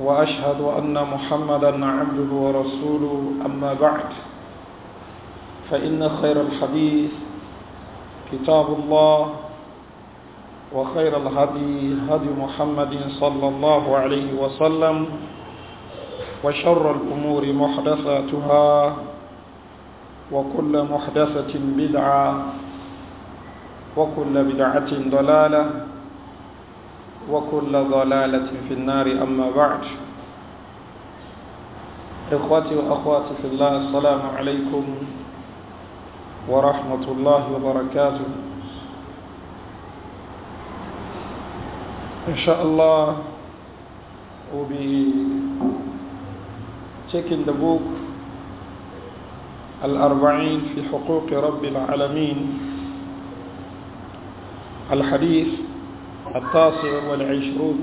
وأشهد أن محمدا عبده ورسوله أما بعد فإن خير الحديث كتاب الله وخير الهدي هدي محمد صلى الله عليه وسلم وشر الأمور محدثاتها وكل محدثة بدعة وكل بدعة ضلالة وكل ضلالة في النار أما بعد إخوتي وأخواتي في الله السلام عليكم ورحمة الله وبركاته إن شاء الله will be taking the book الأربعين في حقوق رب العالمين الحديث التاسع والعشرون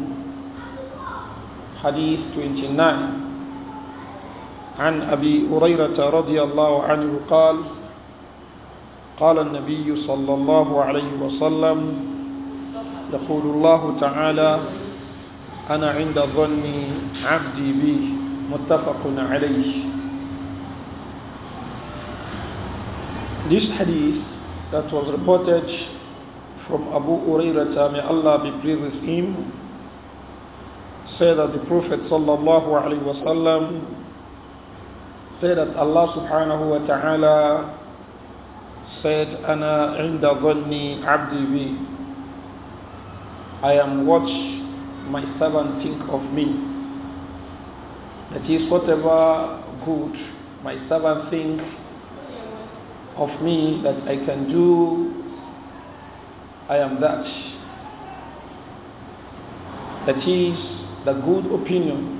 حديث 29 عن أبي هريرة رضي الله عنه قال قال النبي صلى الله عليه وسلم يقول الله تعالى أنا عند ظن عبدي بي متفق عليه This hadith that was reported from Abu Urayrata, may Allah be pleased with him, said that the Prophet sallallahu alaihi wasallam said that Allah subhanahu wa ta'ala said, Ana inda dhanni abdi bi. I am what my servant think of me. That is whatever good my servant think of me that I can do I am that. That is the good opinion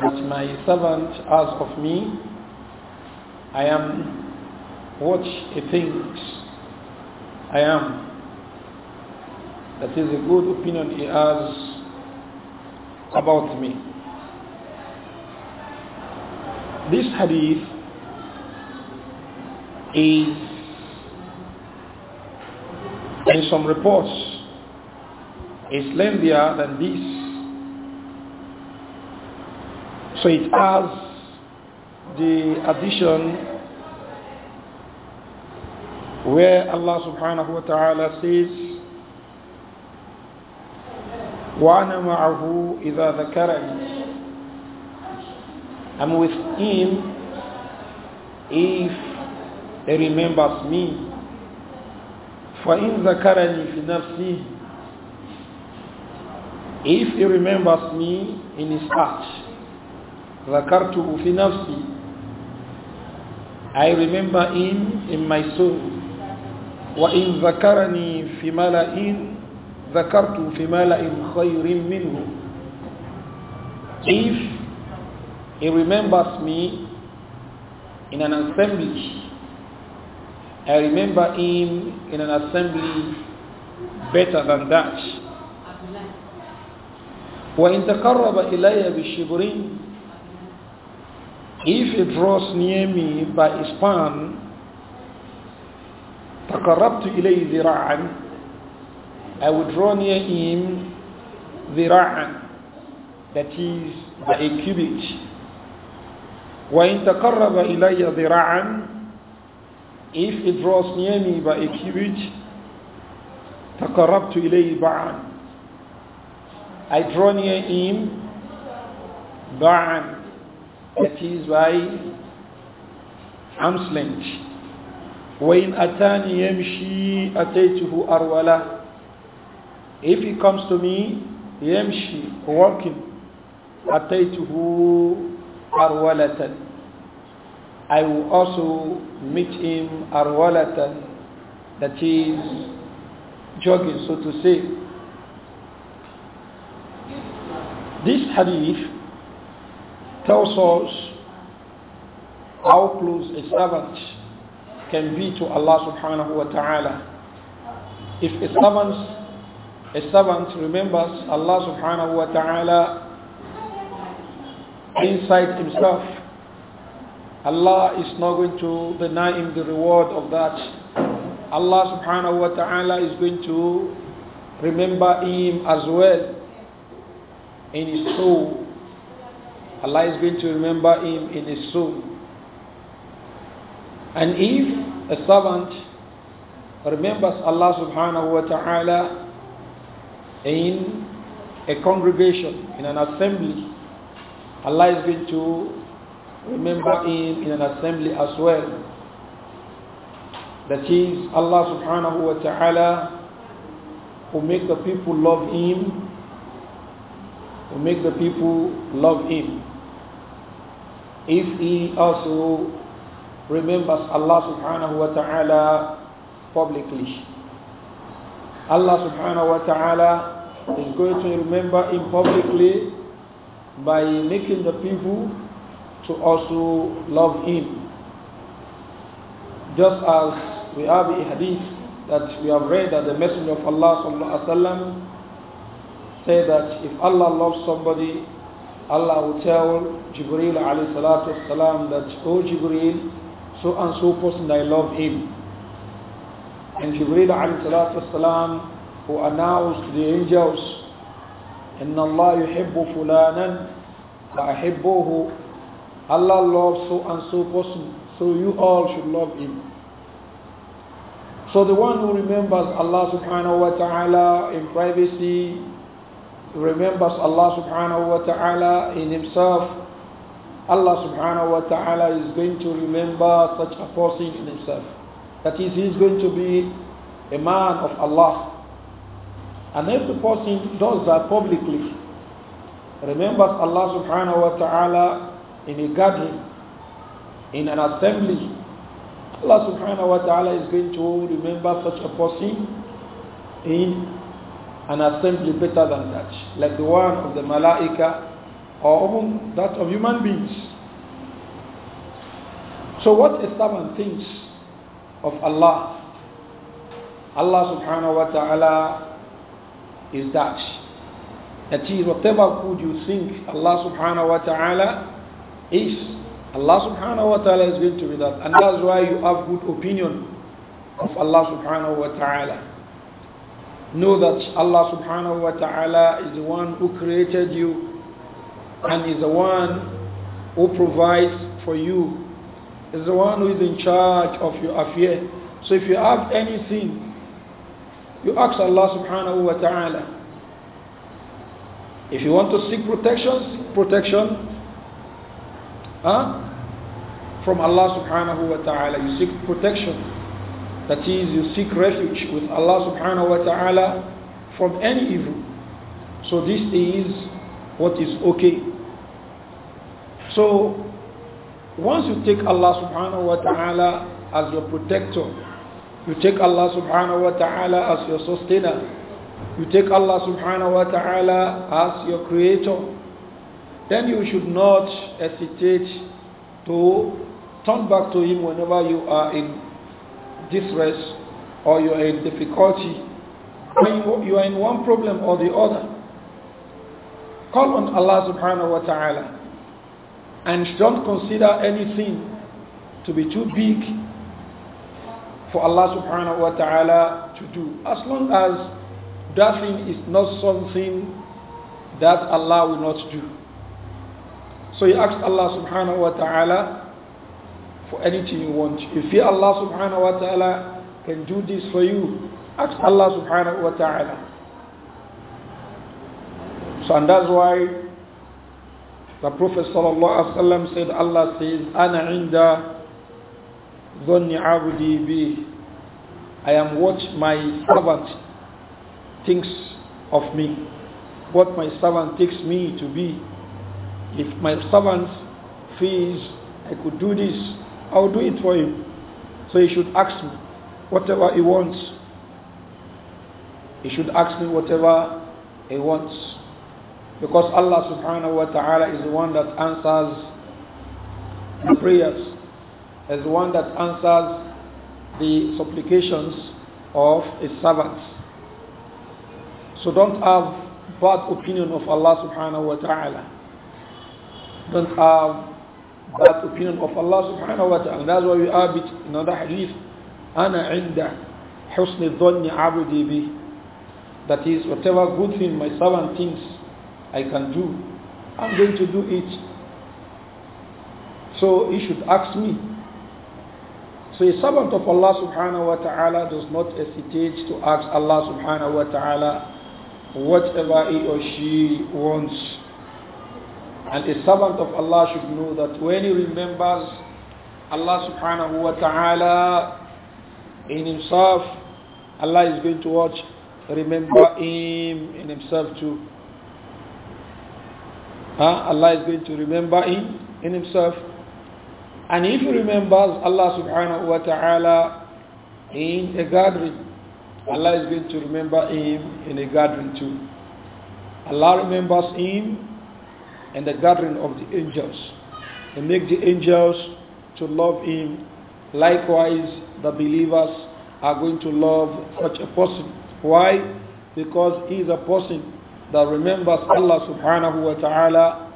that my servant has of me. I am what he thinks I am. That is a good opinion he has about me. This hadith is in some reports, it's lengthier than this. So it has the addition where Allah subhanahu wa ta'ala says وأنا معه إذا ذكرني I'm with him if he remembers me فَإِنْ ذَكَرَنِي فِي نَفْسِي If he remembers me in his heart, ذَكَرْتُهُ فِي نَفْسِي I remember him in my soul. وَإِنْ ذَكَرَنِي فِي مَلَئٍ ذَكَرْتُهُ فِي مَلَئٍ خَيْرٍ مِّنْهُ If he remembers me in an assembly I remember him in an assembly better than that. وإن تقرب إلي بالشبرين If he draws near me by a span, تقربت إليه ذراعا I would draw near him ذراعا that is by a cubit. وإن تقرب إلي ذراعا if it draws near me by a cubit, t'akarabtu إليه ba'an. I draw near him ba'an. that is by arm's length وإن أتاني يمشي أتيته أرولا if he comes to me يمشي walking أتيته أرولة I will also meet him arwalatan, that is jogging, so to say. This hadith tells us how close a servant can be to Allah subhanahu wa ta'ala. If a servant, a servant remembers Allah subhanahu wa ta'ala inside himself, Allah is not going to deny him the reward of that. Allah subhanahu wa ta'ala is going to remember him as well in his soul. Allah is going to remember him in his soul. And if a servant remembers Allah subhanahu wa ta'ala in a congregation, in an assembly, Allah is going to remember him in an assembly as well. That is Allah subhanahu wa ta'ala who make the people love him, who make the people love him. If he also remembers Allah subhanahu wa ta'ala publicly. Allah subhanahu wa ta'ala is going to remember him publicly by making the people to also love him. Just as we have a hadith that we have read that the Messenger of Allah وسلم, said that if Allah loves somebody, Allah will tell Jibreel والسلام, that, Oh Jibreel, so and so person, I love him. And Jibreel والسلام, who announced to the angels, إن الله يحب فلانا وأحبه Allah loves so and so person, so you all should love him. So the one who remembers Allah subhanahu wa ta'ala in privacy, remembers Allah subhanahu wa ta'ala in himself, Allah subhanahu wa ta'ala is going to remember such a person in himself. That is, he is going to be a man of Allah. And if the person does that publicly, remembers Allah subhanahu wa ta'ala in a gathering, in an assembly, Allah subhanahu wa ta'ala is going to remember such a person in an assembly better than that, like the one of the malaika or even that of human beings. So what a servant thinks of Allah, Allah subhanahu wa ta'ala is that. That is whatever good you think, Allah subhanahu wa ta'ala is. Allah subhanahu wa ta'ala is going to be that. And that's why you have good opinion of Allah subhanahu wa ta'ala. Know that Allah subhanahu wa ta'ala is the one who created you and is the one who provides for you, is the one who is in charge of your affair. So if you have anything, you ask Allah subhanahu wa ta'ala. If you want to seek protection, protection huh? from Allah subhanahu wa ta'ala. You seek protection. That is, you seek refuge with Allah subhanahu wa ta'ala from any evil. So this is what is okay. So once you take Allah subhanahu wa ta'ala as your protector, you take Allah subhanahu wa ta'ala as your sustainer, you take Allah subhanahu wa ta'ala as your creator, then you should not hesitate to turn back to him whenever you are in distress or you are in difficulty, when you are in one problem or the other. Call on Allah subhanahu wa ta'ala and don't consider anything to be too big for Allah subhanahu wa ta'ala to do. As long as that thing is not something that Allah will not do. So you ask Allah subhanahu wa ta'ala for anything you want. You Allah subhanahu wa ta'ala can do this for you. Ask Allah subhanahu wa ta'ala. So and that's why the Prophet sallallahu alaihi wasallam said, Allah says, "Ana inda dhanni abdi bi." I am what my servant thinks of me, what my servant takes me to be if my servant feels I could do this, I'll do it for him. So he should ask me whatever he wants. He should ask me whatever he wants. Because Allah subhanahu wa ta'ala is the one that answers the prayers, is the one that answers the supplications of his servants. So don't have bad opinion of Allah subhanahu wa ta'ala don't have that opinion of Allah subhanahu wa ta'ala. That's why we have it in another hadith. Ana inda husni dhanni abdi bi. That is, whatever good thing my servant thinks I can do, I'm going to do it. So he should ask me. So a servant of Allah subhanahu wa ta'ala does not hesitate to ask Allah subhanahu wa ta'ala whatever he or she wants. And a servant of Allah should know that when he remembers Allah subhanahu wa ta'ala in himself, Allah is going to watch, remember him in himself too. Huh? Allah is going to remember him in himself. And if he remembers Allah subhanahu wa ta'ala in a gathering, Allah is going to remember him in a gathering too. Allah remembers him and the gathering of the angels and make the angels to love him. Likewise, the believers are going to love such a person. Why? Because he is a person that remembers Allah subhanahu wa ta'ala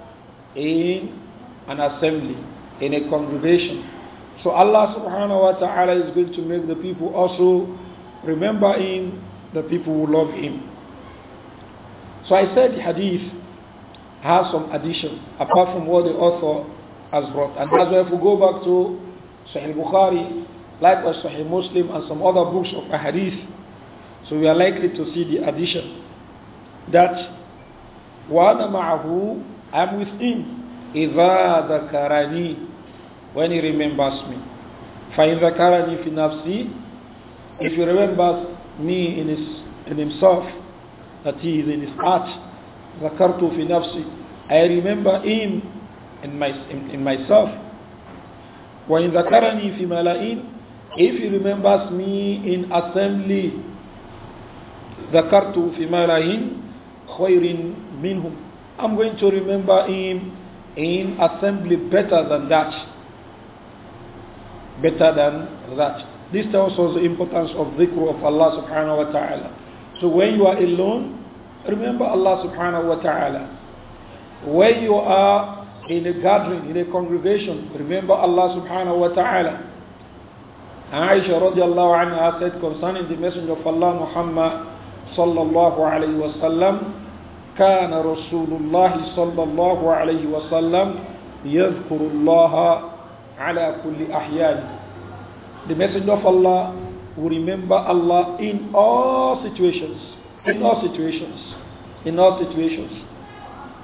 in an assembly, in a congregation. So Allah subhanahu wa ta'ala is going to make the people also remember him, the people will love him. So I said hadith has some addition apart from what the author has brought. And that's why if we go back to Sahih Bukhari, likewise Sahih Muslim and some other books of Ahadith, so we are likely to see the addition that وَأَنَا مَعَهُ I'm with him إِذَا ذَكَرَنِي when he remembers me. فَإِذَا كَرَنِي فِي نَفْسِي If he remembers me in, his, in himself, that he is in his heart, ذكرت في نفسي I remember him in, my, in, in myself وإن ذكرني في ملائين if he remembers me in assembly ذكرت في ملائين خير منهم I'm going to remember him in assembly better than that better than that this tells us the importance of dhikr of Allah subhanahu wa ta'ala so when you are alone Remember Allah subhanahu wa ta'ala. When you are in a gathering, in a congregation, remember Allah subhanahu wa ta'ala. Aisha radiallahu anha said concerning the Messenger of Allah Muhammad sallallahu alayhi wa sallam, كان رسول الله صلى الله عليه وسلم يذكر الله على كل أحيان. The Messenger of Allah will remember Allah in all situations. In all situations. In all situations.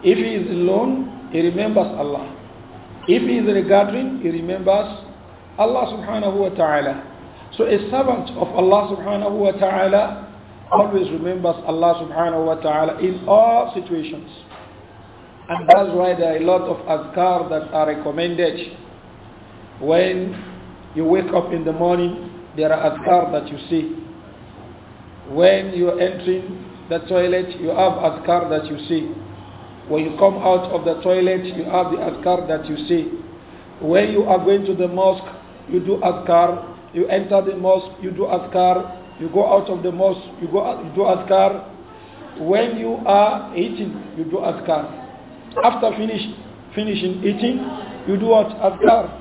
If he is alone, he remembers Allah. If he is in a gathering, he remembers Allah subhanahu wa ta'ala. So a servant of Allah subhanahu wa ta'ala always remembers Allah subhanahu wa ta'ala in all situations. And that's why there are a lot of azkar that are recommended. When you wake up in the morning, there are azkar that you see. When you are entering the toilet, you have adhkar that you say. When you come out of the toilet, you have the adhkar that you say. When you are going to the mosque, you do adhkar. You enter the mosque, you do adhkar. You go out of the mosque, you, go, you do adhkar. When you are eating, you do adhkar. After finish, finishing eating, you do what? Adhkar.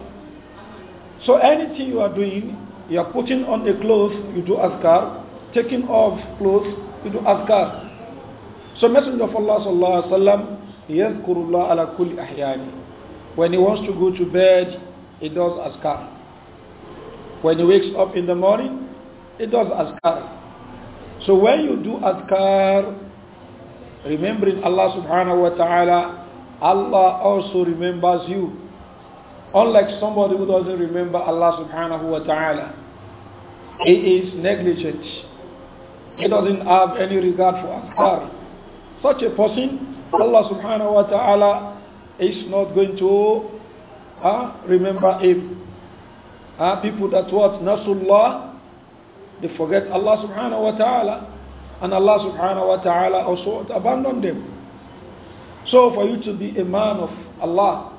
So anything you are doing, you are putting on a cloth, you do adhkar taking off clothes, to do azkar. So Messenger of Allah sallallahu alaihi wasallam, ala kulli ahyani. When he wants to go to bed, he does azkar. When he wakes up in the morning, he does azkar. So when you do azkar, remembering Allah subhanahu wa ta'ala, Allah also remembers you. Unlike somebody who doesn't remember Allah subhanahu wa ta'ala, he is negligent. He doesn't have any regard for Azkar. Such a person, Allah subhanahu wa ta'ala is not going to uh, remember him. Uh, people that what? Nasullah, they forget Allah subhanahu wa ta'ala. And Allah subhanahu wa ta'ala also abandoned them. So for you to be a man of Allah,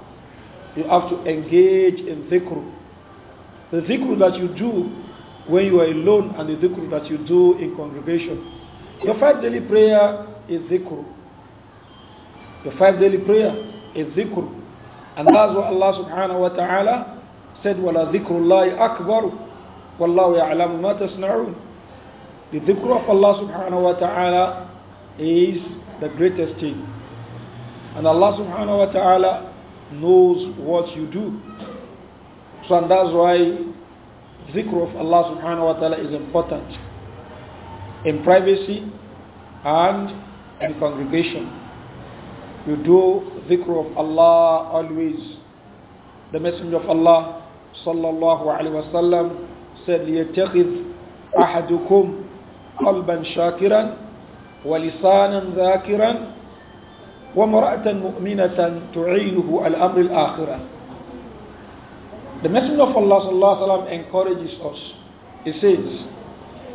you have to engage in dhikr. The dhikr that you do when you are alone and the dhikr that you do in congregation. Your five daily prayer is dhikr. Your five daily prayer is dhikr. And that's what Allah subhanahu wa ta'ala said, وَلَا ذِكْرُ اللَّهِ أَكْبَرُ وَاللَّهُ يَعْلَمُ مَا The dhikr of Allah subhanahu wa ta'ala is the greatest thing. And Allah subhanahu wa ta'ala knows what you do. So and that's why zikr of Allah subhanahu wa ta'ala is important in privacy and in congregation. You do zikr of Allah always. The Messenger of Allah sallallahu alaihi wasallam said, shakiran, أحدكم قلبا شاكرا ولسانا ذاكرا وامرأة مؤمنة تعينه الأمر الآخرة the Messenger of Allah sallallahu sallam, encourages us. He says,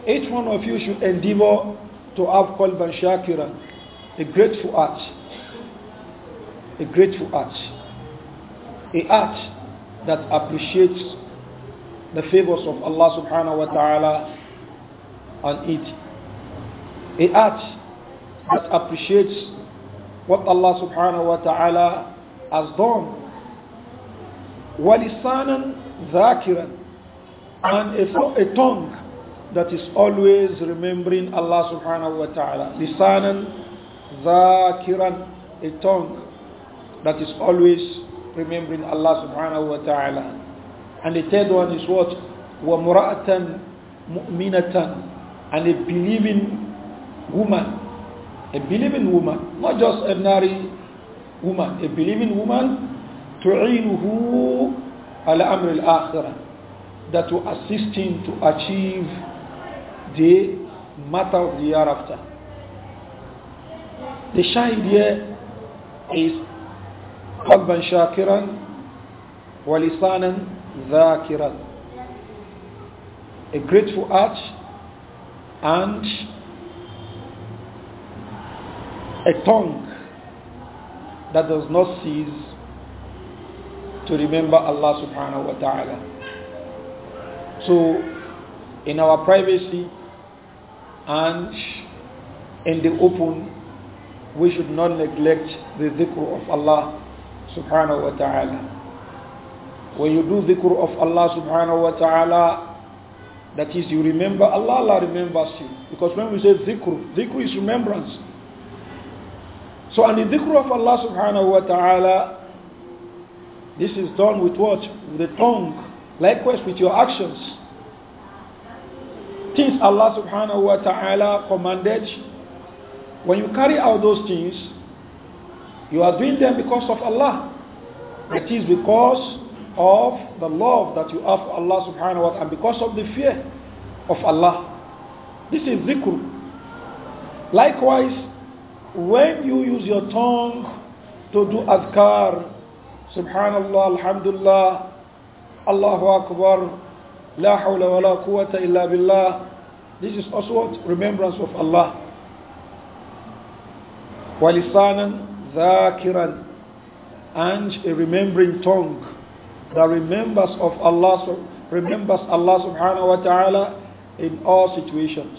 Each one of you should endeavor to have qalban shakira, a grateful heart. A grateful heart. A heart that appreciates the favors of Allah subhanahu wa ta'ala on it. A heart that appreciates what Allah subhanahu wa ta'ala has done Walisanan ذَاكِرًا And a, a tongue that is always remembering Allah subhanahu wa ta'ala. Lisanan dhakiran, a tongue that is always remembering Allah subhanahu wa ta'ala. And the third one is what? Wa mura'atan mu'minatan. And a believing woman. A believing woman. Not just ordinary woman. A believing woman تعينه على أمر الآخرة that will assist him to achieve the matter of the after. The shahid here is قلبا شاكرا ولسانا ذاكرا a grateful heart and a tongue that does not cease to remember Allah subhanahu wa ta'ala. So, in our privacy and in the open, we should not neglect the dhikr of Allah subhanahu wa ta'ala. When you do dhikr of Allah subhanahu wa ta'ala, that is, you remember Allah, Allah remembers you. Because when we say dhikr, dhikr is remembrance. So, and the dhikr of Allah subhanahu wa ta'ala this is done with what? With the tongue. Likewise with your actions. Things Allah subhanahu wa ta'ala commanded. When you carry out those things, you are doing them because of Allah. It is because of the love that you have for Allah subhanahu wa ta'ala and because of the fear of Allah. This is zikr. Likewise, when you use your tongue to do adkar. Subhanallah, Alhamdulillah, Allahu Akbar, La hawla wa la quwwata illa billah. This is also what remembrance of Allah. Walisanan zakiran and a remembering tongue that remembers of Allah remembers Allah subhanahu wa ta'ala in all situations.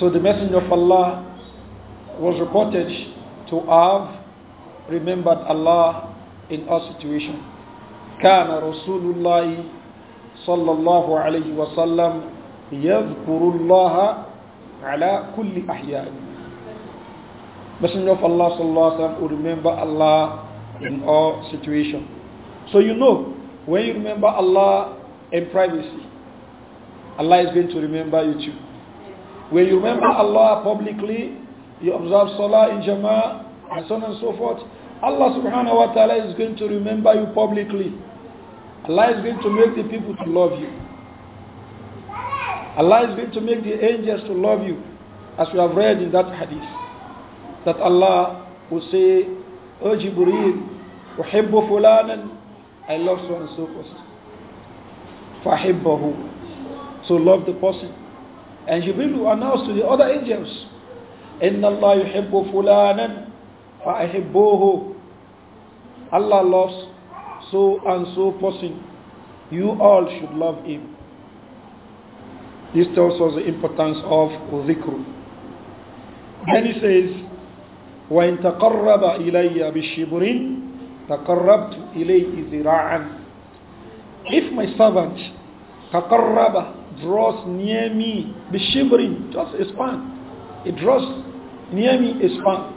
So the Messenger of Allah was reported to have remembered Allah in our situation. كان رسول الله صلى الله عليه وسلم يذكر الله على كل أحيان Messenger of Allah صلى الله عليه وسلم will remember Allah in all situation. So you know, when you remember Allah in privacy, Allah is going to remember you too. When you remember Allah publicly, you observe Salah in Jama'ah and so on and so forth, Allah subhanahu wa ta'ala is going to remember you publicly. Allah is going to make the people to love you. Allah is going to make the angels to love you, as we have read in that hadith. That Allah will say, O Jibreel, Uhibbu fulanan, I love so and so person. Fahibbahu. So love the person. And Jibreel will announce to the other angels, Inna Allah yuhibbu fulanan, fa'ahibbuhu. Allah loves so and so person. You all should love him. This tells us the importance of dhikr. Then he says, وَإِن تَقَرَّبَ إِلَيَّ بِالشِّبْرٍ تَقَرَّبْتُ إِلَيْهِ ذِرَاعًا If my servant تَقَرَّبَ draws near me shivering, just a span. It draws near me a span.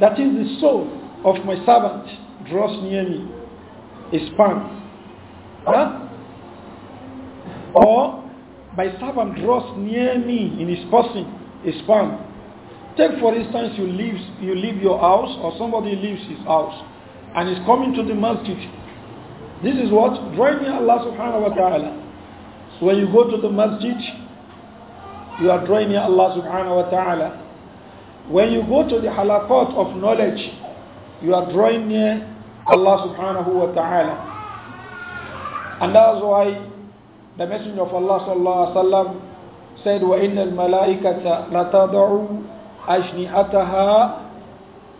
That is the soul of my servant draws near me a span. Huh? Or my servant draws near me in his person a span. Take for instance you leave you leave your house or somebody leaves his house and is coming to the masjid. This is what drawing near Allah subhanahu wa ta'ala. So when you go to the masjid, you are drawing near Allah subhanahu wa ta'ala. When you go to the halakot of knowledge, you are drawing near Allah subhanahu wa ta'ala. And that's why the Messenger of Allah sallallahu alaihi wasallam said, وَإِنَّ الْمَلَائِكَةَ لَتَضَعُ أَشْنِئَتَهَا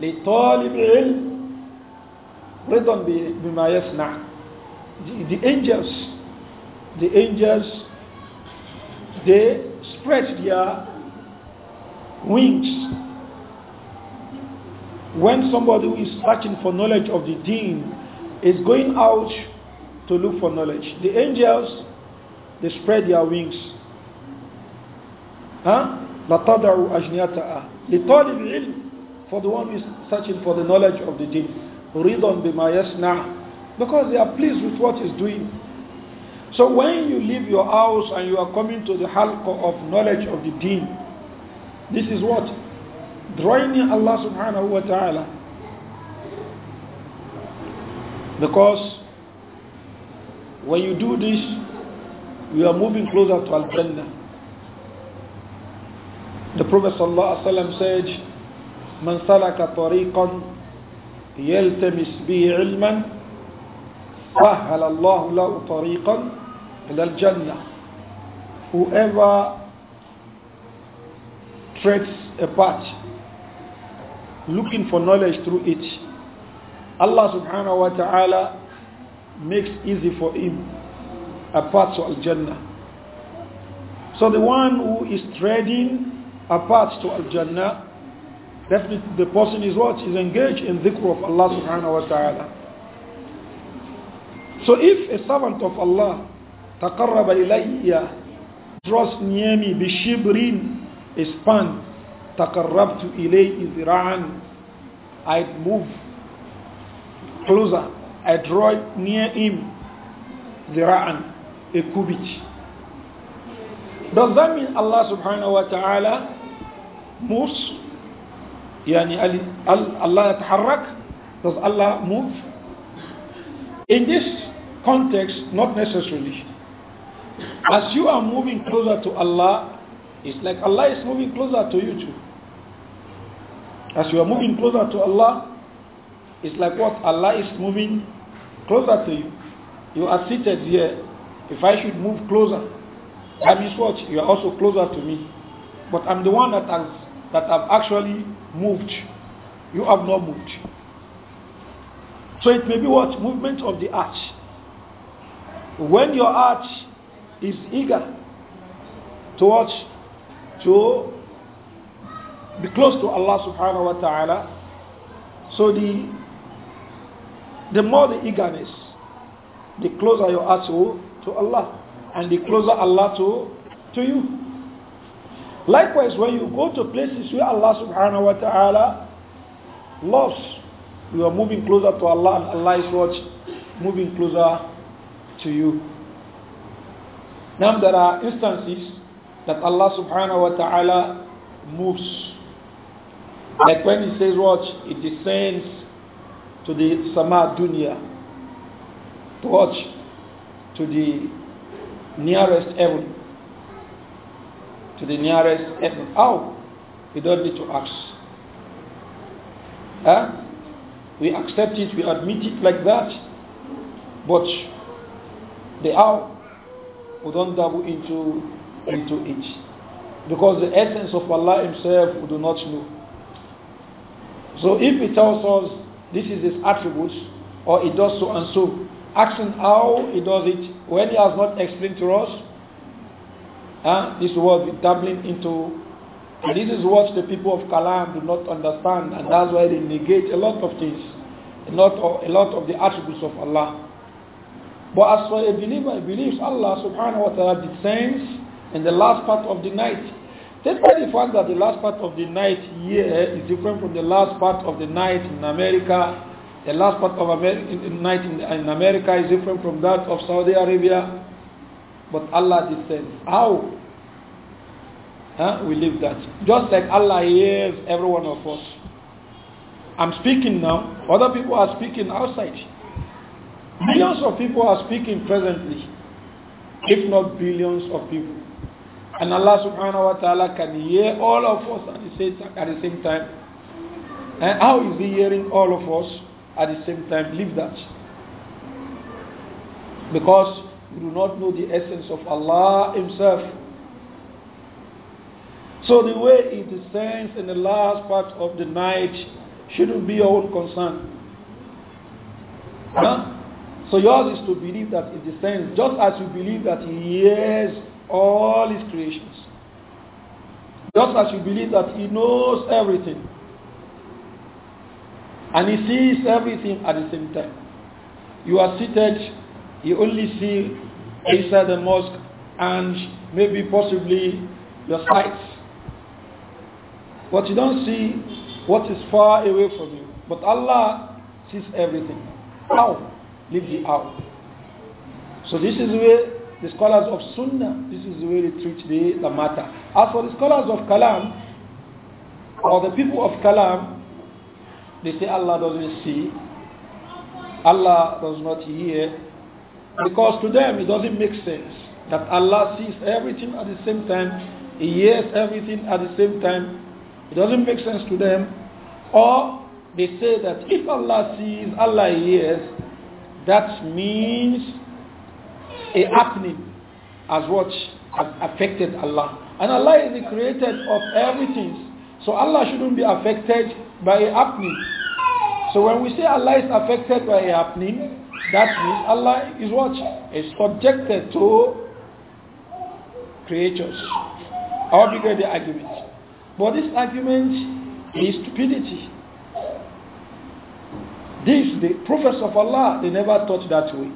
لِطَالِبِ الْعِلْمِ Read بِمَا the the, the angels, the angels, they spread their wings when somebody who is searching for knowledge of the deen is going out to look for knowledge, the angels, they spread their wings. Huh? For the one who is searching for the knowledge of the deen. رِضًا بِمَا now, Because they are pleased with what he's doing. So when you leave your house and you are coming to the halqa of knowledge of the deen, this is what? drawing near Allah subhanahu wa ta'ala. Because when you do this, you are moving closer to Al Jannah. The Prophet said, من سلك طريقا يلتمس به علما سهل الله له طريقا إلى الجنة Whoever treads a path looking for knowledge through it. Allah subhanahu wa ta'ala makes easy for him a path to Al-Jannah. So the one who is treading a path to Al-Jannah, definitely the person is what? Is engaged in dhikr of Allah subhanahu wa ta'ala. So if a servant of Allah تقرب إلي draws near me بشبر a span Takarrabtu ilayi zirān, i move closer I draw near him zirān, a cubit does that mean Allah subhanahu wa ta'ala moves Yani Allah يتحرك does Allah move in this context not necessarily as you are moving closer to Allah it's like Allah is moving closer to you too. As you are moving closer to Allah, it's like what? Allah is moving closer to you. You are seated here. If I should move closer, i means watch, You are also closer to me. But I'm the one that has that have actually moved. You have not moved. So it may be what? Movement of the arch. When your arch is eager towards to be close to Allah subhanahu wa ta'ala. So the, the more the eagerness, the closer your heart to, to Allah and the closer Allah to, to you. Likewise, when you go to places where Allah subhanahu wa ta'ala loves, you are moving closer to Allah and Allah is what? Moving closer to you. Now there are instances that Allah subhanahu wa ta'ala moves. Like when he says what? It descends to the sama dunya. To To the nearest heaven. To the nearest heaven. How? We don't need to ask. Huh? We accept it, we admit it like that. But the how? We don't dabble into into it. Because the essence of Allah Himself we do not know. So if He tells us this is His attributes, or He does so and so, asking how He does it, when He has not explained to us, uh, this world is dabbling into. And this is what the people of Kalam do not understand, and that's why they negate a lot of things, a lot of, a lot of the attributes of Allah. But as for a believer, he believes Allah subhanahu wa ta'ala descends and the last part of the night. Despite the fact that the last part of the night here eh, is different from the last part of the night in America, the last part of night in, in America is different from that of Saudi Arabia, but Allah descends. How? Huh? We leave that. Just like Allah hears every one of us. I'm speaking now. Other people are speaking outside. Millions of people are speaking presently, if not billions of people. And Allah subhanahu wa ta'ala can hear all of us at the same, at the same time. And eh, how is He hearing all of us at the same time? Leave that. Because we do not know the essence of Allah Himself. So the way He descends in the last part of the night shouldn't be your own concern. Huh? So yours is to believe that it descends, just as you believe that He hears all his creations. Just as you believe that he knows everything and he sees everything at the same time. You are seated, you only see inside the mosque and maybe possibly your sights. But you don't see what is far away from you. But Allah sees everything. How? Leave the out. So this is where the scholars of Sunnah, this is the way they treat the, the matter. As for the scholars of Kalam, or the people of Kalam, they say Allah doesn't see, Allah does not hear, because to them it doesn't make sense that Allah sees everything at the same time, He hears everything at the same time. It doesn't make sense to them. Or they say that if Allah sees, Allah hears, that means a happening as what has affected Allah. And Allah is the creator of everything. So Allah shouldn't be affected by a happening. So when we say Allah is affected by a happening, that means Allah is what? Is subjected to creatures. I'll begin the argument. But this argument is stupidity. This, the prophets of Allah, they never thought that way.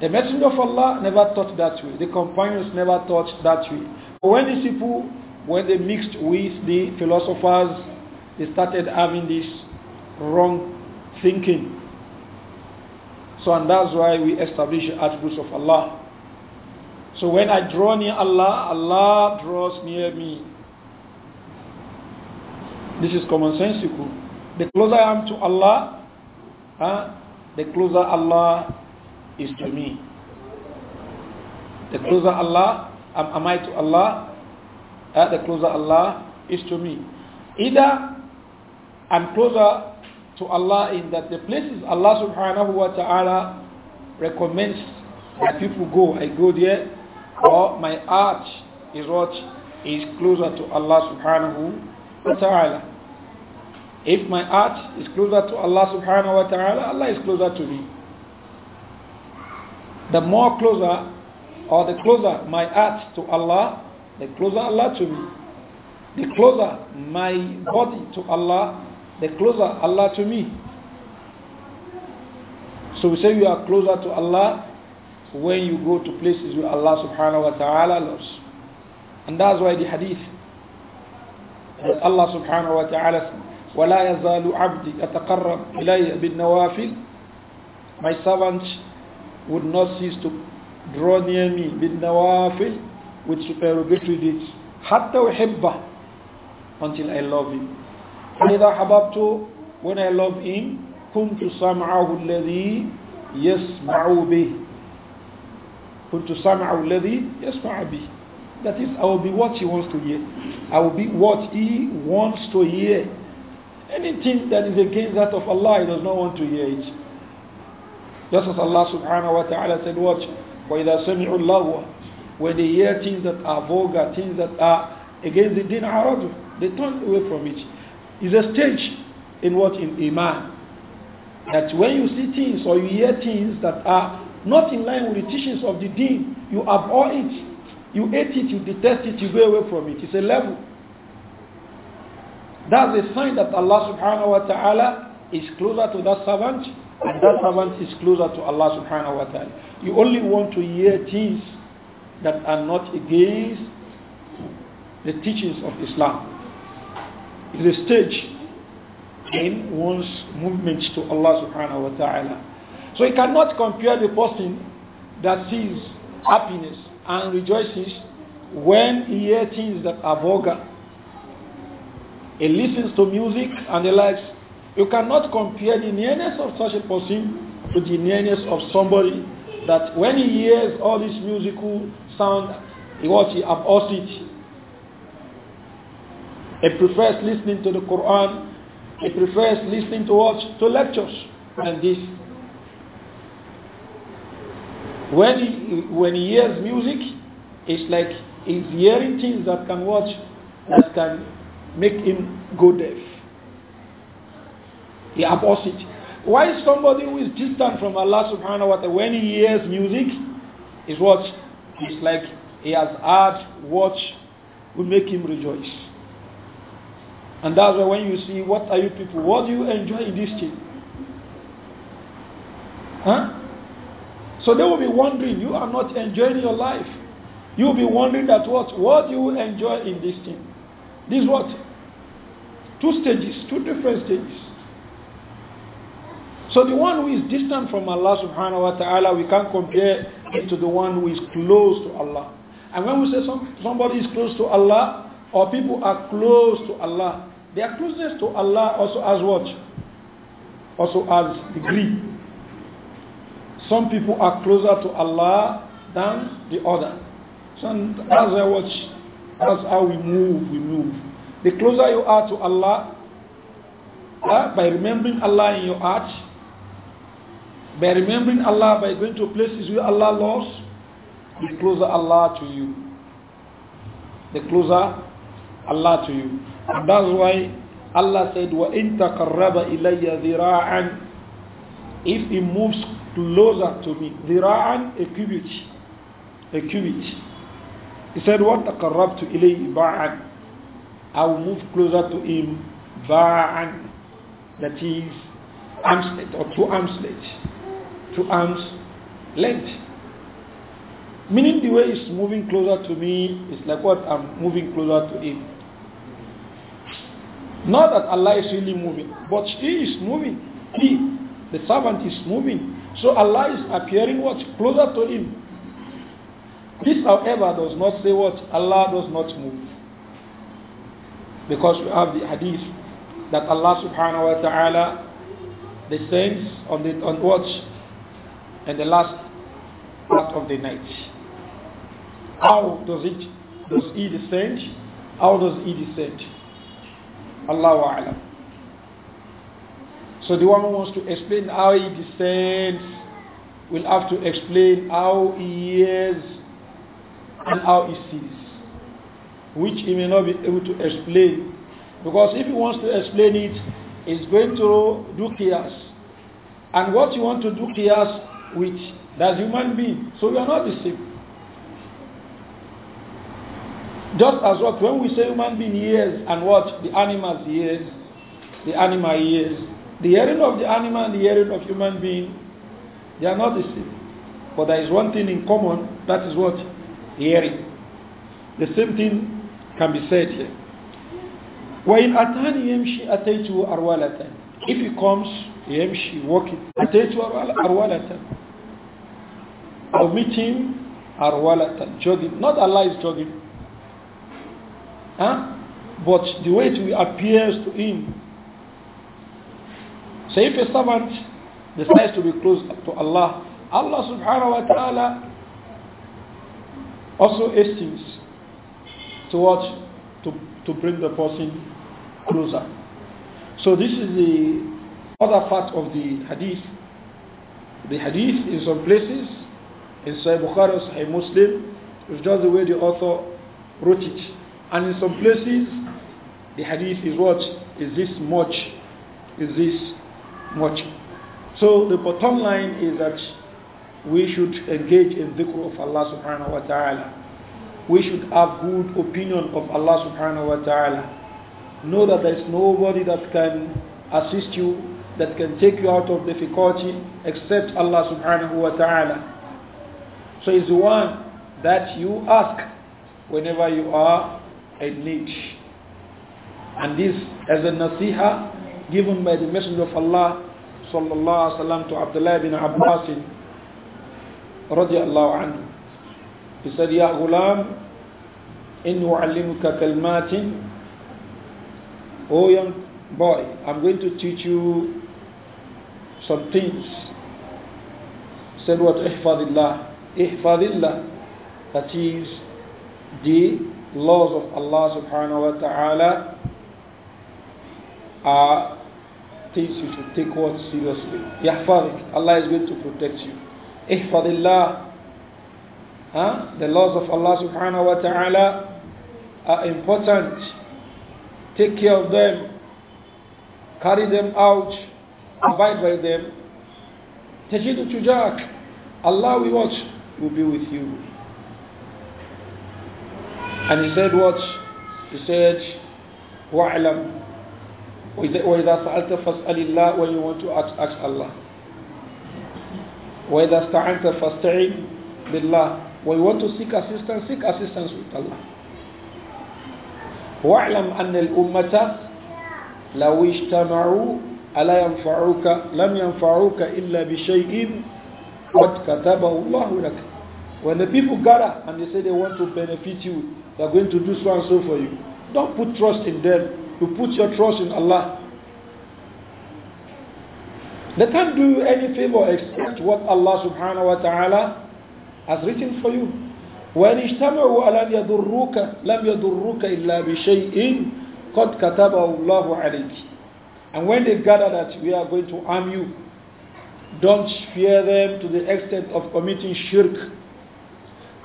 The Messenger of Allah never taught that way. The companions never taught that way. But when these people, when they mixed with the philosophers, they started having this wrong thinking. So, and that's why we establish attributes of Allah. So, when I draw near Allah, Allah draws near me. This is common commonsensical. The closer I am to Allah, huh, the closer Allah is to me. The closer Allah am, am I to Allah, uh, the closer Allah is to me. Either I'm closer to Allah in that the places Allah subhanahu wa ta'ala recommends that people go, I go there, or my heart is what is closer to Allah subhanahu wa ta'ala. If my heart is closer to Allah subhanahu wa ta'ala, Allah is closer to me the more closer or the closer my heart to Allah, the closer Allah to me. The closer my body to Allah, the closer Allah to me. So we say you are closer to Allah when you go to places where Allah subhanahu wa ta'ala loves. And that's why the hadith that Allah subhanahu wa ta'ala says, وَلَا يَزَالُ عَبْدِي أَتَقَرَّبْ إِلَيَّ بِالنَّوَافِلِ My servant would not cease to draw near me bin nawafil with supererogatory deeds hatta uhibba until I love him فإذا when I love him كنت سمعه الذي يسمع به كنت سمعه الذي يسمع به that is I will be what he wants to hear I will be what he wants to hear anything that is against that of Allah he does not want to hear it just as Allah subhanahu wa ta'ala said, Watch, When they hear things that are vulgar, things that are against the din Allah, they turn away from it. It's a stage in what? In Iman. That when you see things or you hear things that are not in line with the teachings of the deen, you abhor it. You hate it, you detest it, you go away from it. It's a level. That's a sign that Allah subhanahu wa ta'ala is closer to that servant and that servant is closer to Allah subhanahu wa ta'ala. You only want to hear things that are not against the teachings of Islam. It's a stage in one's movement to Allah subhanahu wa ta'ala. So you cannot compare the person that sees happiness and rejoices when he hears things that are vulgar. He listens to music and he likes you cannot compare the nearness of such a person to the nearness of somebody that when he hears all this musical sound, he what he abhors it. He prefers listening to the Quran. He prefers listening to what? To lectures and this. When he, when he hears music, it's like he's hearing things that can watch, that can make him go deaf the opposite. Why somebody who is distant from Allah subhanahu wa ta'ala, when he hears music, is what? It's like he has heard what will make him rejoice. And that's why when you see, what are you people? What do you enjoy in this thing? Huh? So they will be wondering, you are not enjoying your life. You will be wondering that what? What do you enjoy in this thing? This what? Two stages, two different stages. So the one who is distant from Allah subhanahu wa ta'ala, we can't compare it to the one who is close to Allah. And when we say some, somebody is close to Allah, or people are close to Allah, their closeness to Allah also as what? Also as degree. Some people are closer to Allah than the other. So as I watch, that's how we move, we move. The closer you are to Allah, uh, by remembering Allah in your heart, by remembering Allah, by going to places where Allah loves, the closer Allah to you. The closer Allah to you. And that's why Allah said, "Wa تَقَرَّبَ إِلَيَّ ذِرَاعًا If he moves closer to me, ذِرَاعًا a cubit, a cubit. He said, what تَقَرَّبْتُ إِلَيْهِ بَاعًا I will move closer to him, ba'an That is, arm's length or two arm's length to arm's length. Meaning the way he's moving closer to me is like what I'm moving closer to him. Not that Allah is really moving, but he is moving. He, the servant, is moving. So Allah is appearing what? Closer to him. This, however, does not say what? Allah does not move. Because we have the hadith that Allah subhanahu wa ta'ala descends on the on what and the last part of the night. How does it does he descend? How does he descend? Allahu A'lam. So the one who wants to explain how he descends will have to explain how he hears and how he sees, which he may not be able to explain. Because if he wants to explain it, he's going to do chaos. And what you want to do chaos which does human being. So you are not the same. Just as what when we say human being hears and what the animals hears, the animal hears, the hearing of the animal and the hearing of human being, they are not the same. But there is one thing in common, that is what? Hearing. The same thing can be said here. وإن أتاني يمشي أتيته أرولة. If he comes, يمشي walking. أتيته أرولة. I'll jogging. Not Allah is jogging. Huh? But the way it appears to him. So if a servant decides to be close to Allah, Allah subhanahu wa ta'ala also estimates to to, to bring the person closer. So this is the other part of the hadith. The hadith in some places in Sahih Bukhari Sahih Muslim. It's just the way the author wrote it. And in some places, the hadith is what? Is this much? Is this much? So the bottom line is that we should engage in dhikr of Allah subhanahu wa ta'ala. We should have good opinion of Allah subhanahu wa ta'ala. Know that there is nobody that can assist you, that can take you out of difficulty except Allah subhanahu wa ta'ala. So one that you ask whenever you are in need. And this as a nasiha given by the Messenger of Allah sallallahu alaihi wasallam to Abdullah bin Abbas radiallahu anhu. He said, Ya Ghulam, إن أعلمك كلمات Oh young boy, I'm going to teach you some things. Said what? احفظ ihfadillah, that is the laws of Allah subhanahu wa ta'ala are things you should take what seriously. Yahfadik, Allah is going to protect you. Ihfadillah, huh? the laws of Allah subhanahu wa ta'ala are important. Take care of them, carry them out, abide by them. Tajidu tujak, Allah we watch will be with you. And he said what? He said, وَعْلَمْ وَإِذَا سَأَلْتَ فَاسْأَلِ اللَّهِ When you want to ask, ask Allah. وَإِذَا اسْتَعَنْتَ فَاسْتَعِنْ بِاللَّهِ When you want to seek assistance, seek assistance with Allah. وَاعْلَمْ أَنَّ الْأُمَّةَ لو اجتمعوا ألا ينفعوك لم ينفعوك إلا بشيء قد كتبه الله لك when the people gather and they say they want to benefit you, they're going to do so and so for you. Don't put trust in them. You put your trust in Allah. They can't do you any favor except what Allah subhanahu wa ta'ala has written for you. When اجتمعوا على أن يضروك لم يضروك إلا بشيء قد كتبه الله عليك And when they gather that we are going to harm you, don't fear them to the extent of committing shirk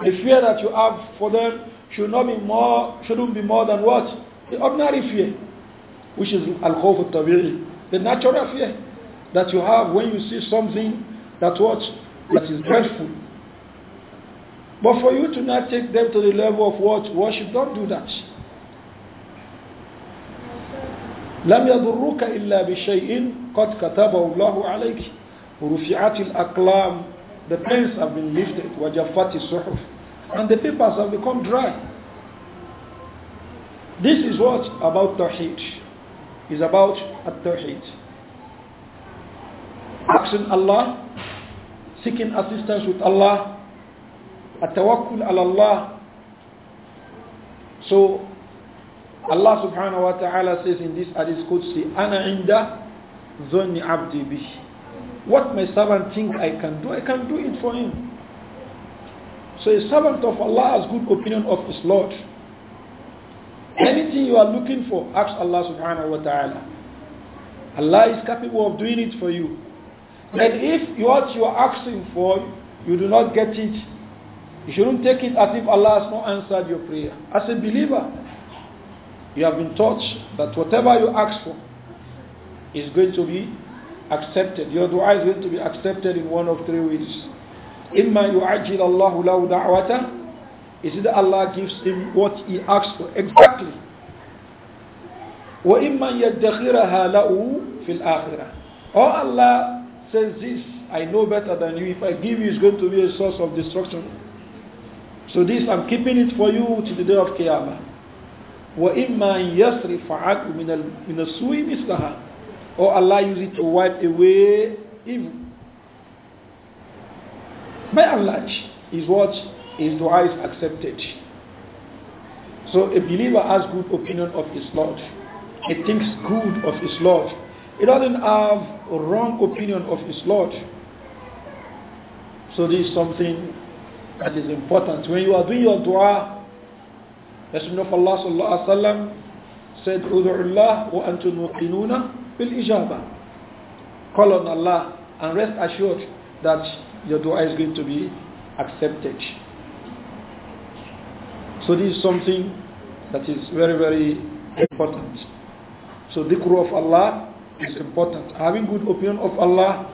the fear that you have for them should not be more, shouldn't be more than what? The ordinary fear, which is al-khawf al-tabi'i, the natural fear that you have when you see something that what? That is dreadful. But for you to not take them to the level of what? Worship, don't do that. لم يضرك إلا بشيء قد كتبه الله عليك ورفعت الأقلام the pens have been lifted, وَجَفَّتِ الصُّحُفُ And the papers have become dry. This is what about Tawheed. Is about At-Tawheed. Asking Allah, seeking assistance with Allah, At-Tawakkul ala Allah. So, Allah subhanahu wa ta'ala says in this hadith Qudsi, أَنَا عِنْدَ ظَنِّ عَبْدِ what my servant think I can do, I can do it for him. So a servant of Allah has good opinion of his Lord. Anything you are looking for, ask Allah subhanahu wa ta'ala. Allah is capable of doing it for you. And if what you are asking for, you do not get it, you shouldn't take it as if Allah has not answered your prayer. As a believer, you have been taught that whatever you ask for is going to be accepted. Your dua is going to be accepted in one of three ways. Imma yu'ajjil Allahu lahu da'wata. Is it Allah gives him what he asks for exactly? وَإِمَّا يَدَّخِرَهَا لَهُ فِي الْآخِرَةِ Or Allah says this, I know better than you. If I give you, it's going to be a source of destruction. So this, I'm keeping it for you till the day of Qiyamah. وَإِمَّا يَصْرِفَ عَكُ مِنَ السُّوءِ مِثْلَهَا or Allah use it to wipe away evil. By and large, is what his dua is accepted. So a believer has good opinion of his Lord. He thinks good of his Lord. He doesn't have a wrong opinion of his Lord. So this is something that is important. When you are doing your dua, Messenger of Allah sallallahu alaihi wasallam said, "Udu'ullah wa antum muqinuna bil Call on Allah and rest assured that your dua is going to be accepted. So this is something that is very, very important. So dhikr of Allah is important. Having good opinion of Allah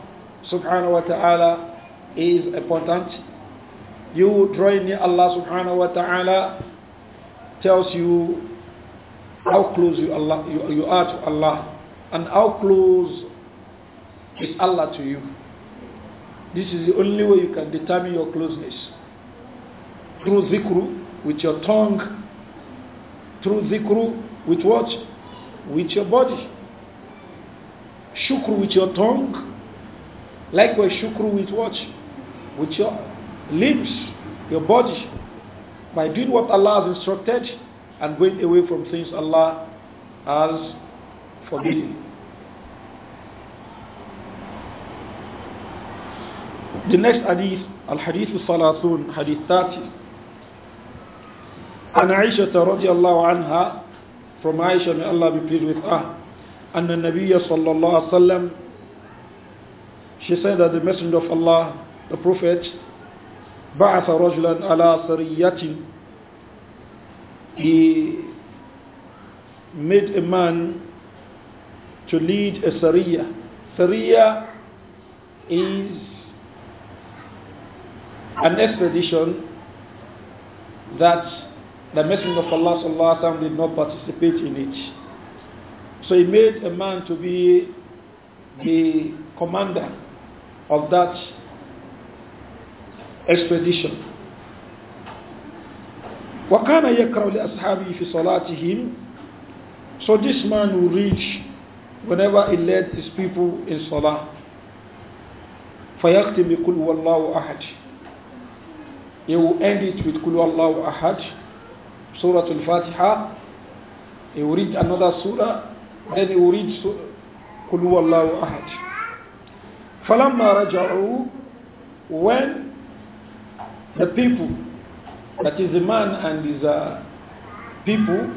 subhanahu wa ta'ala is important. You drawing near Allah subhanahu wa ta'ala tells you how close you, Allah, you, you are to Allah. And how close is Allah to you? This is the only way you can determine your closeness. Through zikr with your tongue. Through zikr with what? With your body. Shukru with your tongue. Likewise, shukru with what? With your lips, your body. By doing what Allah has instructed and going away from things Allah has forbidden. The next hadith, Al-Hadith Salatun Hadith 30. An Aisha رضي anha from Aisha may Allah be pleased with her أن النبي صلى الله عليه وسلم she said that the messenger of Allah the prophet بعث رجلا ala سرية he made a man to lead a Sariya. Sariya is an expedition that the Messenger of Allah sallallahu alaihi wasallam did not participate in it. So he made a man to be the commander of that expedition. وكان يقرأ لأصحابه في صلاتهم so this man will reach whenever he led his people in Salah. فَيَخْتِمِ بِقُلْ وَاللَّهُ أَحَدٍ He will end it with قُلْ وَاللَّهُ أَحَدٍ Surah Al-Fatiha. He will read another surah, then he will read قُلْ وَاللَّهُ أَحَدٍ فَلَمَّا رَجَعُوا When the people, that is the man and his uh, people,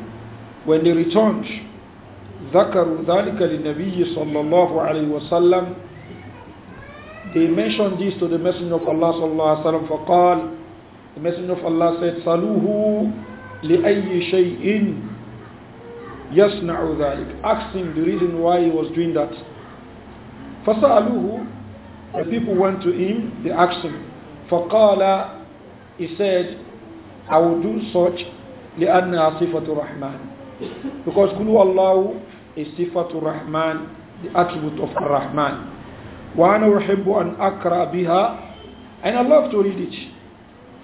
when they returned, ذكروا ذلك للنبي صلى الله عليه وسلم they mentioned this to the messenger of Allah صلى الله عليه وسلم فقال the messenger of Allah said صلوه لأي شيء يصنع ذلك asked Asking the reason why he was doing that فسألوه the people went to him they asked him فقال he said I will do such an صفة Rahman." because كل الله is Sifatul Rahman, the attribute of rahman rahman وأنا أحب an akra biha, and I love to read it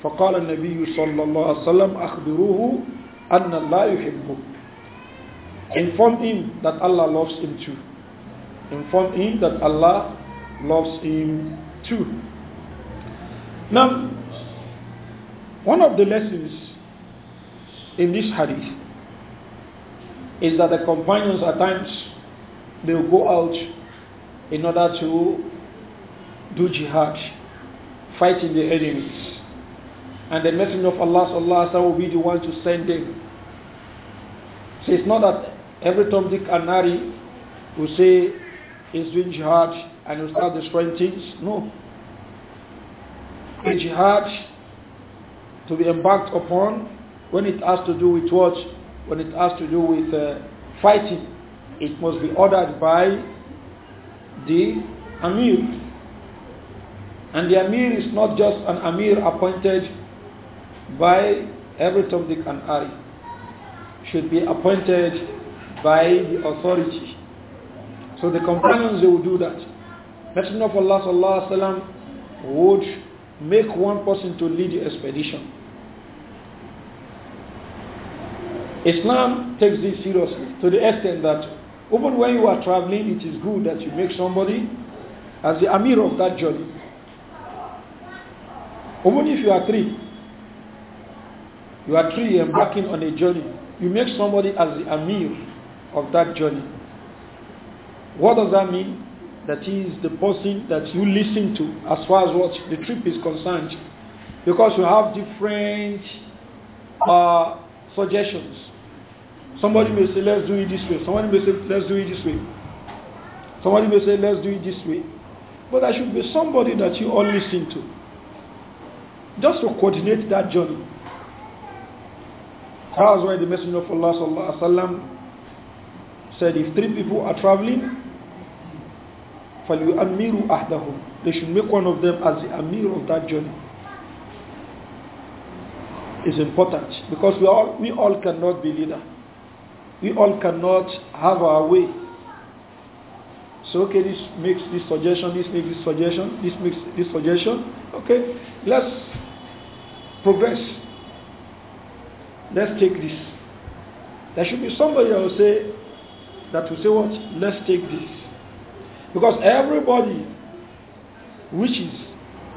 فقال النبي صلى الله عليه وسلم أخبروه أن الله يحبه inform him that Allah loves him too inform him that Allah loves him too now one of the lessons in this hadith is that the companions at times they will go out in order to do jihad, fighting the enemies. And the messenger of Allah sallallahu will be the one to send them. So it's not that every Tom, Dick and Harry will say he's doing jihad and will start destroying things. No. A jihad to be embarked upon when it has to do with what? when it has to do with uh, fighting, it must be ordered by the Amir. And the Amir is not just an Amir appointed by every Tom, Dick and Harry. Should be appointed by the authority. So the companions they will do that. Messenger of Allah sallallahu alaihi wasallam would make one person to lead the expedition. Islam takes this seriously to the extent that even when you are traveling, it is good that you make somebody as the Amir of that journey. Even if you are three, you are three embarking on a journey, you make somebody as the Amir of that journey. What does that mean? That is the person that you listen to as far as what the trip is concerned. Because you have different uh, suggestions. Somebody may say, let's do it this way. Somebody may say, let's do it this way. Somebody may say, let's do it this way. But there should be somebody that you all listen to. Just to coordinate that journey. That's why the Messenger of Allah sallallahu said, if three people are traveling, They should make one of them as the Amir of that journey is important because we all, we all cannot be leader. We all cannot have our way. So okay, this makes this suggestion, this makes this suggestion, this makes this suggestion. Okay, let's progress. Let's take this. There should be somebody that will say that will say what? Let's take this. Because everybody wishes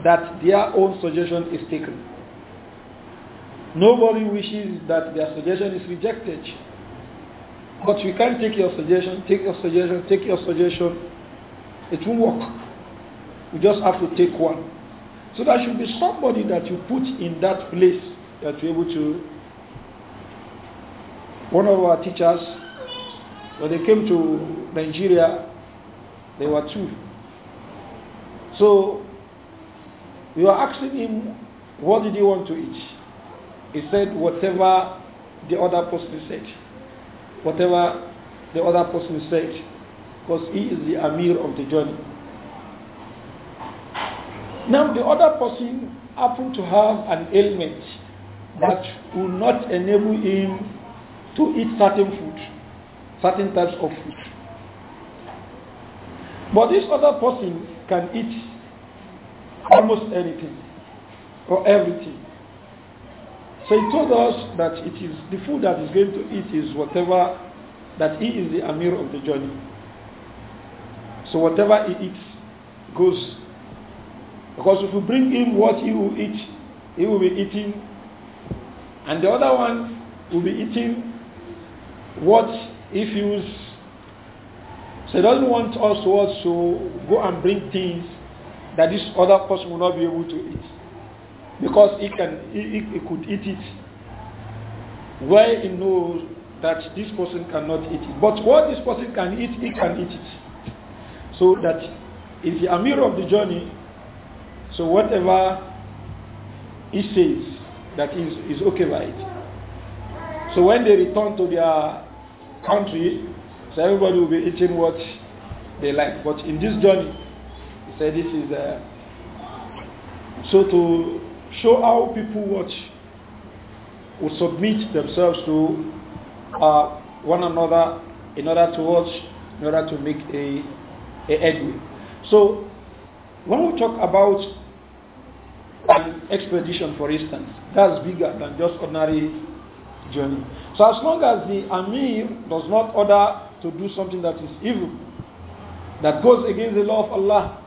that their own suggestion is taken. Nobody wishes that their suggestion is rejected. But we can't take your suggestion, take your suggestion, take your suggestion. It won't work. We just have to take one. So there should be somebody that you put in that place that you're able to. One of our teachers, when they came to Nigeria, there were two. So we were asking him, what did he want to eat? He said whatever the other person said. Whatever the other person said. Because he is the Amir of the journey. Now the other person happened to have an ailment that will not enable him to eat certain food, certain types of food. But this other person can eat almost anything or everything. So he told us that it is the food that he's going to eat is whatever that he is the Amir of the journey. So whatever he eats goes. Because if you bring him what he will eat, he will be eating, and the other one will be eating what he feels. So he doesn't want us to also go and bring things that this other person will not be able to eat because he can he, could eat it where he knows that this person cannot eat it but what this person can eat he can eat it so that is the amir of the journey so whatever he says that is, is okay by it so when they return to their country so everybody will be eating what they like but in this journey he said this is uh, so to show how people watch will submit themselves to uh, one another in order to watch, in order to make a, a headway. So when we talk about an expedition, for instance, that's bigger than just ordinary journey. So as long as the Amir does not order to do something that is evil, that goes against the law of Allah,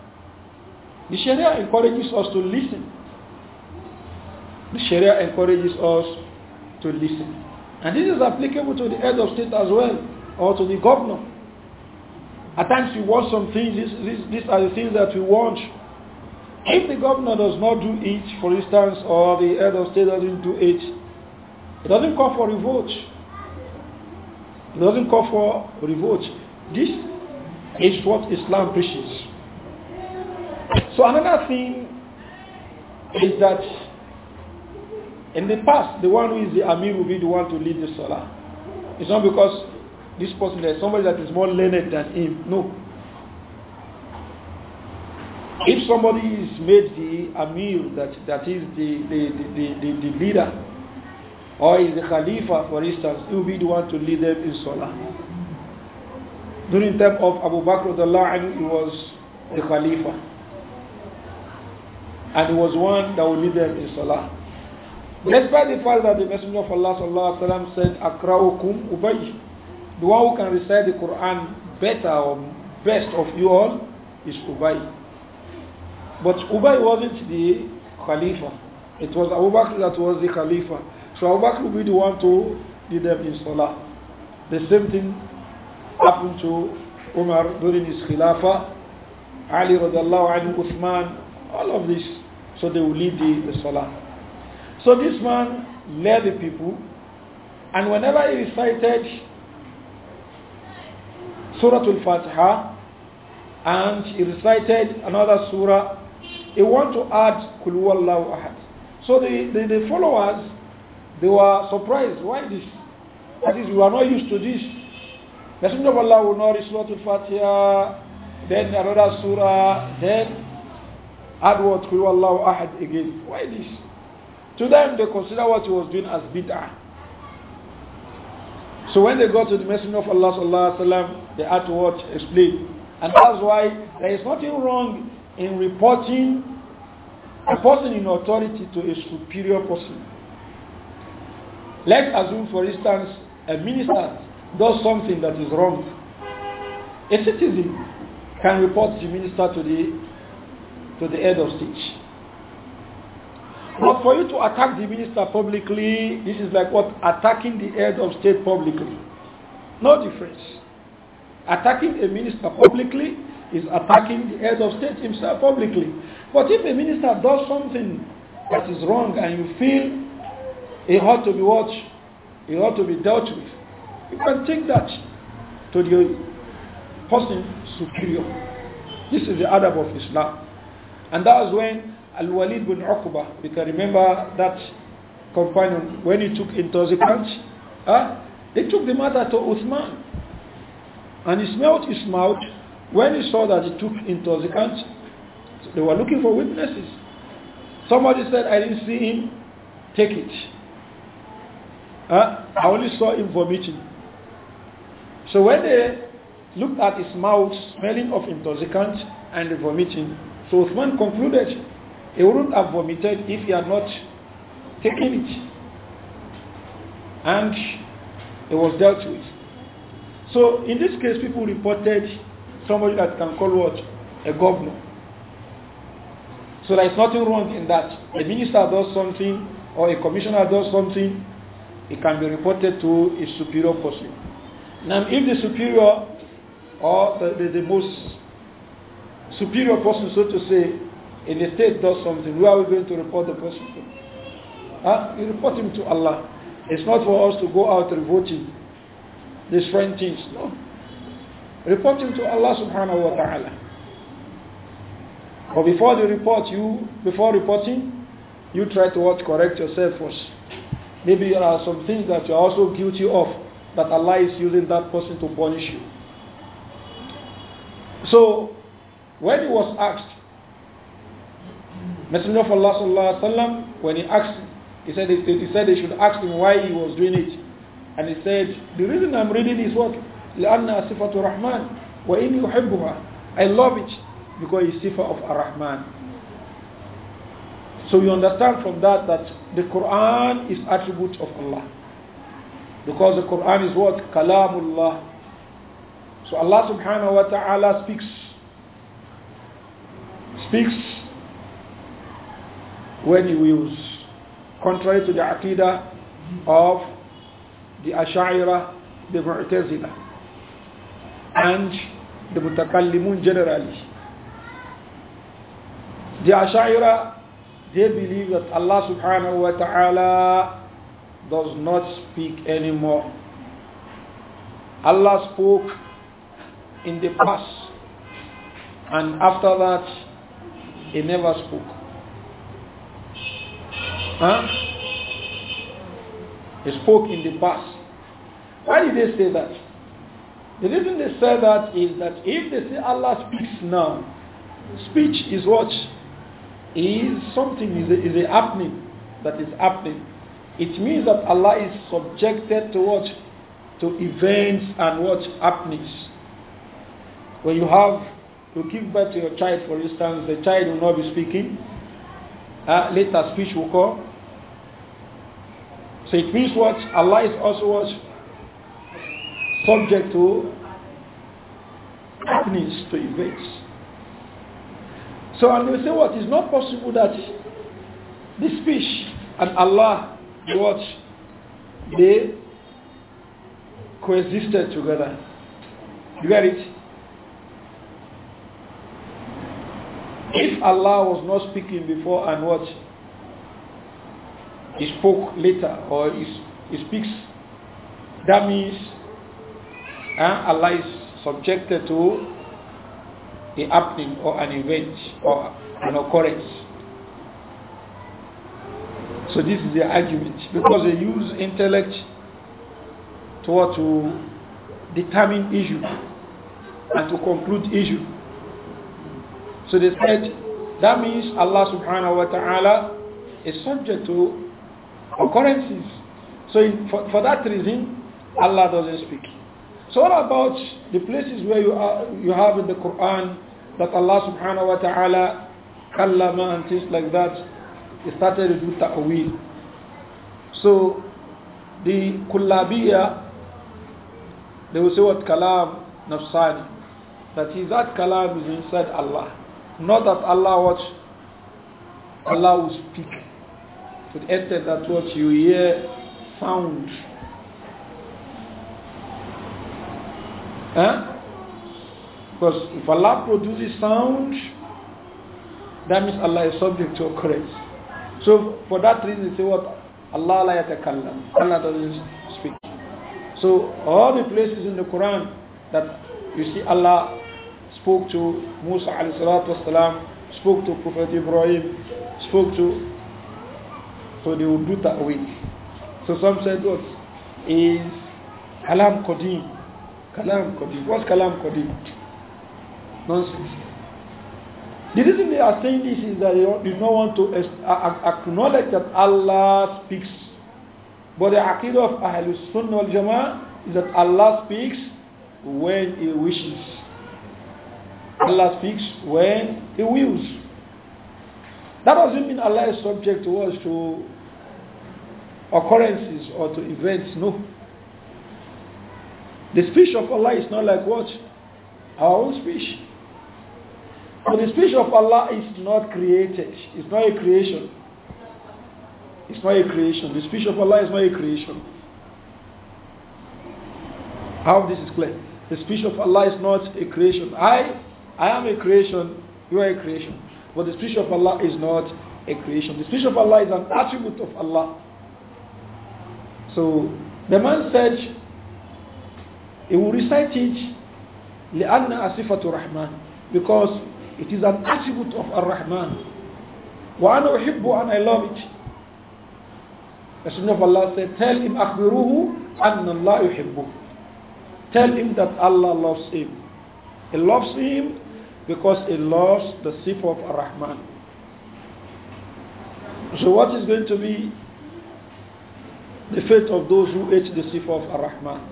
the Sharia encourages us to listen the Sharia encourages us to listen. And this is applicable to the head of state as well, or to the governor. At times we want some things, these, these, are the things that we want. If the governor does not do it, for instance, or the head of state doesn't do it, it doesn't call for revolt. It doesn't call for revolt. This is what Islam preaches. So another thing is that in the past, the one who is the Amir will be the one to lead the Salah. It's not because this person is somebody that is more learned than him. No. If somebody is made the Amir, that, that is the, the, the, the, the leader, or is the Khalifa, for instance, he will be the one to lead them in Salah. During the time of Abu Bakr, he was the Khalifa. And he was one that would lead them in Salah. Despite the fact that the Messenger of Allah sallallahu alaihi wasallam said, "Akraukum ubay," the one who can recite the Quran better or best of you all is Ubay. But Ubay wasn't the Khalifa; it was Abu Bakr that was the Khalifa. So Abu Bakr will be the one to lead them in Salah. The same thing happened to Umar during his Khilafah, Ali radiallahu anhu, Uthman, all of this. So they will lead the, the Salah. So this man led the people, and whenever he recited Surah Al-Fatiha, and he recited another surah, he wanted to add Kul Wallahu Ahad. So the, the, the, followers, they were surprised. Why this? That is, we are not used to this. The Messenger of Allah will not recite Al-Fatiha, then another surah, then add what Kul Wallahu Ahad again. Why this? To them, they consider what he was doing as bid'ah. So when they got to the Messenger of Allah sallallahu alaihi wasallam, they had to watch, explain, and that's why there is nothing wrong in reporting a person in authority to a superior person. Let's assume, for instance, a minister does something that is wrong. A citizen can report the minister to the to the head of state. But for you to attack the minister publicly, this is like what? Attacking the head of state publicly. No difference. Attacking a minister publicly is attacking the head of state himself publicly. But if a minister does something that is wrong and you feel it ought to be watched, it ought to be dealt with, you can take that to the person superior. This is the adab of Islam. And that is when Al-Walid bin Uqba, because remember that companion, when he took intoxicants, huh, they took the matter to Uthman. And he smelled his mouth. When he saw that he took intoxicants, they were looking for witnesses. Somebody said, I didn't see him take it. Huh? I only saw him vomiting. So when they looked at his mouth smelling of intoxicant and vomiting, so Uthman concluded he wouldn't have vomited if he had not taken it. And it was dealt with. So in this case, people reported somebody that can call what? A governor. So there is nothing wrong in that. A minister does something or a commissioner does something, it can be reported to a superior person. Now, if the superior or the, the, the most superior person, so to say, if the state does something, where are we going to report the person to? Huh? You report him to Allah. It's not for us to go out revolting these strange things. No. Report him to Allah subhanahu wa ta'ala. But before the report, you before reporting, you try to watch correct yourself first. Maybe there are some things that you are also guilty of that Allah is using that person to punish you. So when he was asked Messenger of Allah sallallahu alaihi wasallam, when he asked, he said he, he said they should ask him why he was doing it, and he said the reason I'm reading is what لأن صفة الرحمن وإني أحبها I love it because it's sifa of Ar-Rahman. So you understand from that that the Quran is attribute of Allah. Because the Quran is what? Kalamullah. So Allah subhanahu wa ta'ala speaks. Speaks when he was contrary to the Aqidah of the Ash'ira, the Mu'tazila, and the Mutakallimun generally. The Ash'ira, they believe that Allah subhanahu wa ta'ala does not speak anymore. Allah spoke in the past, and after that, He never spoke. Huh? He spoke in the past. Why did they say that? The reason they say that is that if they say Allah speaks now, speech is what? Is something, is a, is a happening that is happening. It means that Allah is subjected to what? To events and what happenings. When you have, to give birth to your child, for instance, the child will not be speaking, uh, later speech will come. So it means what? Allah is also what? Subject to happenings, to events. So and they say what is It's not possible that this speech and Allah, what? They coexisted together. You get it? If Allah was not speaking before and what? He spoke later or he, he speaks, that means uh, Allah is subjected to a happening or an event or an occurrence. So this is the argument because they use intellect to, to determine issue and to conclude issue. So they said, that means Allah subhanahu wa ta'ala is subject to occurrences. So in, for, for that reason, Allah doesn't speak. So what about the places where you, are, you have in the Quran that Allah subhanahu wa ta'ala kallama and things like that, it started with do ta'wil. So the kullabiya, they will say what kalam nafsani, that is that kalam is inside Allah. Not that Allah watch, Allah will speak to the extent that what you hear sound. Huh? Because if Allah produces sound, that means Allah is subject to occurrence. So for that reason, they say what Allah la yatakallam. Allah doesn't speak. So all the places in the Quran that you see Allah spoke to Musa والسلام, spoke to Prophet Ibrahim, spoke to. So they would do that way. So some said, what is Kalam Qadim? Kalam Qadim. What's Kalam Qadim? Nonsense. The reason they are saying this is that they do not want to acknowledge that Allah speaks. But the aqidah of Ahlul Sunnah wal Jama'ah is that Allah speaks when He wishes. Allah speaks when He wills. That doesn't mean Allah is subject to us to occurrences or to events. No. The speech of Allah is not like what? Our own speech. But the speech of Allah is not created. It's not a creation. It's not a creation. The speech of Allah is not a creation. How this is clear? The speech of Allah is not a creation. I I am a creation, you are a creation. But the speech of Allah is not a creation. The speech of Allah is an attribute of Allah. So the man said, he will recite it, لِأَنَّ أَصِفَةُ Rahman,' Because it is an attribute of Ar-Rahman. وَأَنَا أُحِبُّ and I love it. The Sunnah of Allah said, tell him أَخْبِرُوهُ أَنَّ اللَّهَ يُحِبُّهُ Tell him that Allah loves him. He loves him because it lost the sifah of Ar-Rahman. So what is going to be the fate of those who hate the sifah of Ar-Rahman?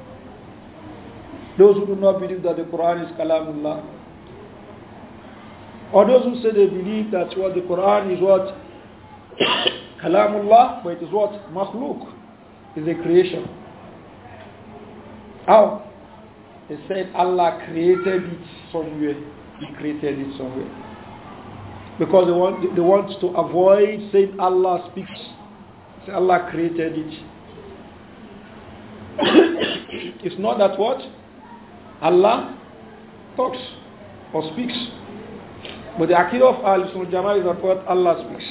Those who do not believe that the Quran is Kalamullah. Or those who say they believe that what the Quran is what? Kalamullah, but it is what? Makhluk, is a creation. How? They said Allah created it somewhere. He created it somewhere. Because they want, they want to avoid saying Allah speaks. Say Allah created it. it's not that what? Allah talks or speaks. But the Akira of Al Sunnah Jama'ah is that what Allah speaks.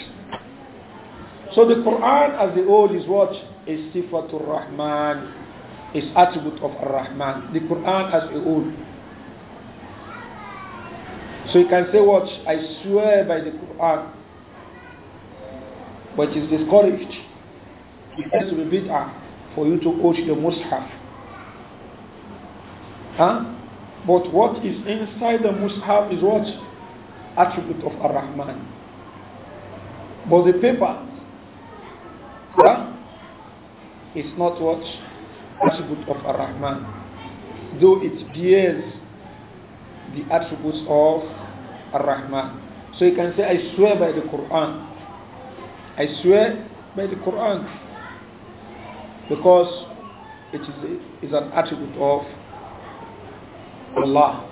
So the Quran as the whole is what? Is Sifatul Rahman. Is attribute of Ar-Rahman. The Quran as a whole. So you can say what? I swear by the Quran. But it's discouraged. It has to be bid'ah for you to quote the Mus'haf. Huh? But what is inside the Mus'haf is what? Attribute of Ar-Rahman. But the paper, huh? It's not what? Attribute of Ar-Rahman. Though it bears the attributes of Ar-Rahman. So you can say, I swear by the Quran. I swear by the Quran. Because it is, an attribute of Allah.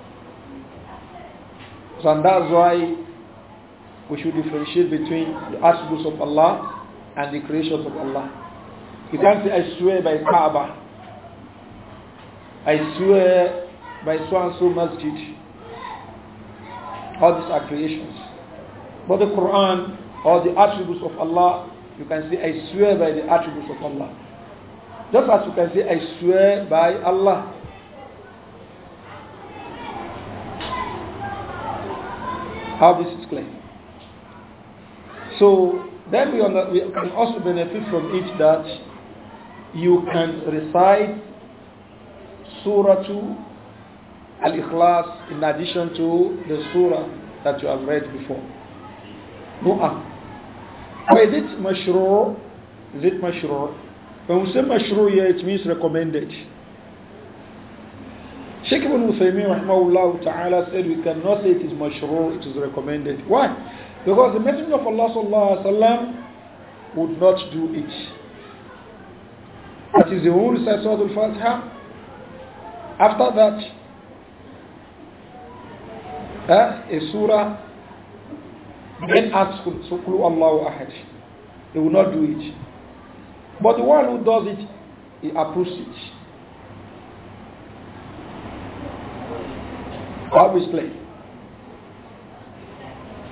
So and that's why we should differentiate between the attributes of Allah and the creations of Allah. You can't say, I swear by Kaaba. I swear by so and so masjid. All these are creations. But the Quran or the attributes of Allah, you can say, I swear by the attributes of Allah. Just as you can say, I swear by Allah. How this is clear. So then we, we can also benefit from it that you can recite Surah 2 Al-Ikhlas in addition to the surah that you have read before. Nu'ah. is it mashru'? Is it mashru'? When we say mashru' here, it means recommended. Sheikh Ibn Uthaymeen rahimahullah ta'ala said we cannot say it is mashru', it is recommended. Why? Because the Messenger of Allah sallallahu alaihi wasallam would not do it. That is the only recites Surah Al-Fatiha. After that, a surah, then ask Suklu Allahu Ahad. He will not do it. But the one who does it, he approves it. Obviously.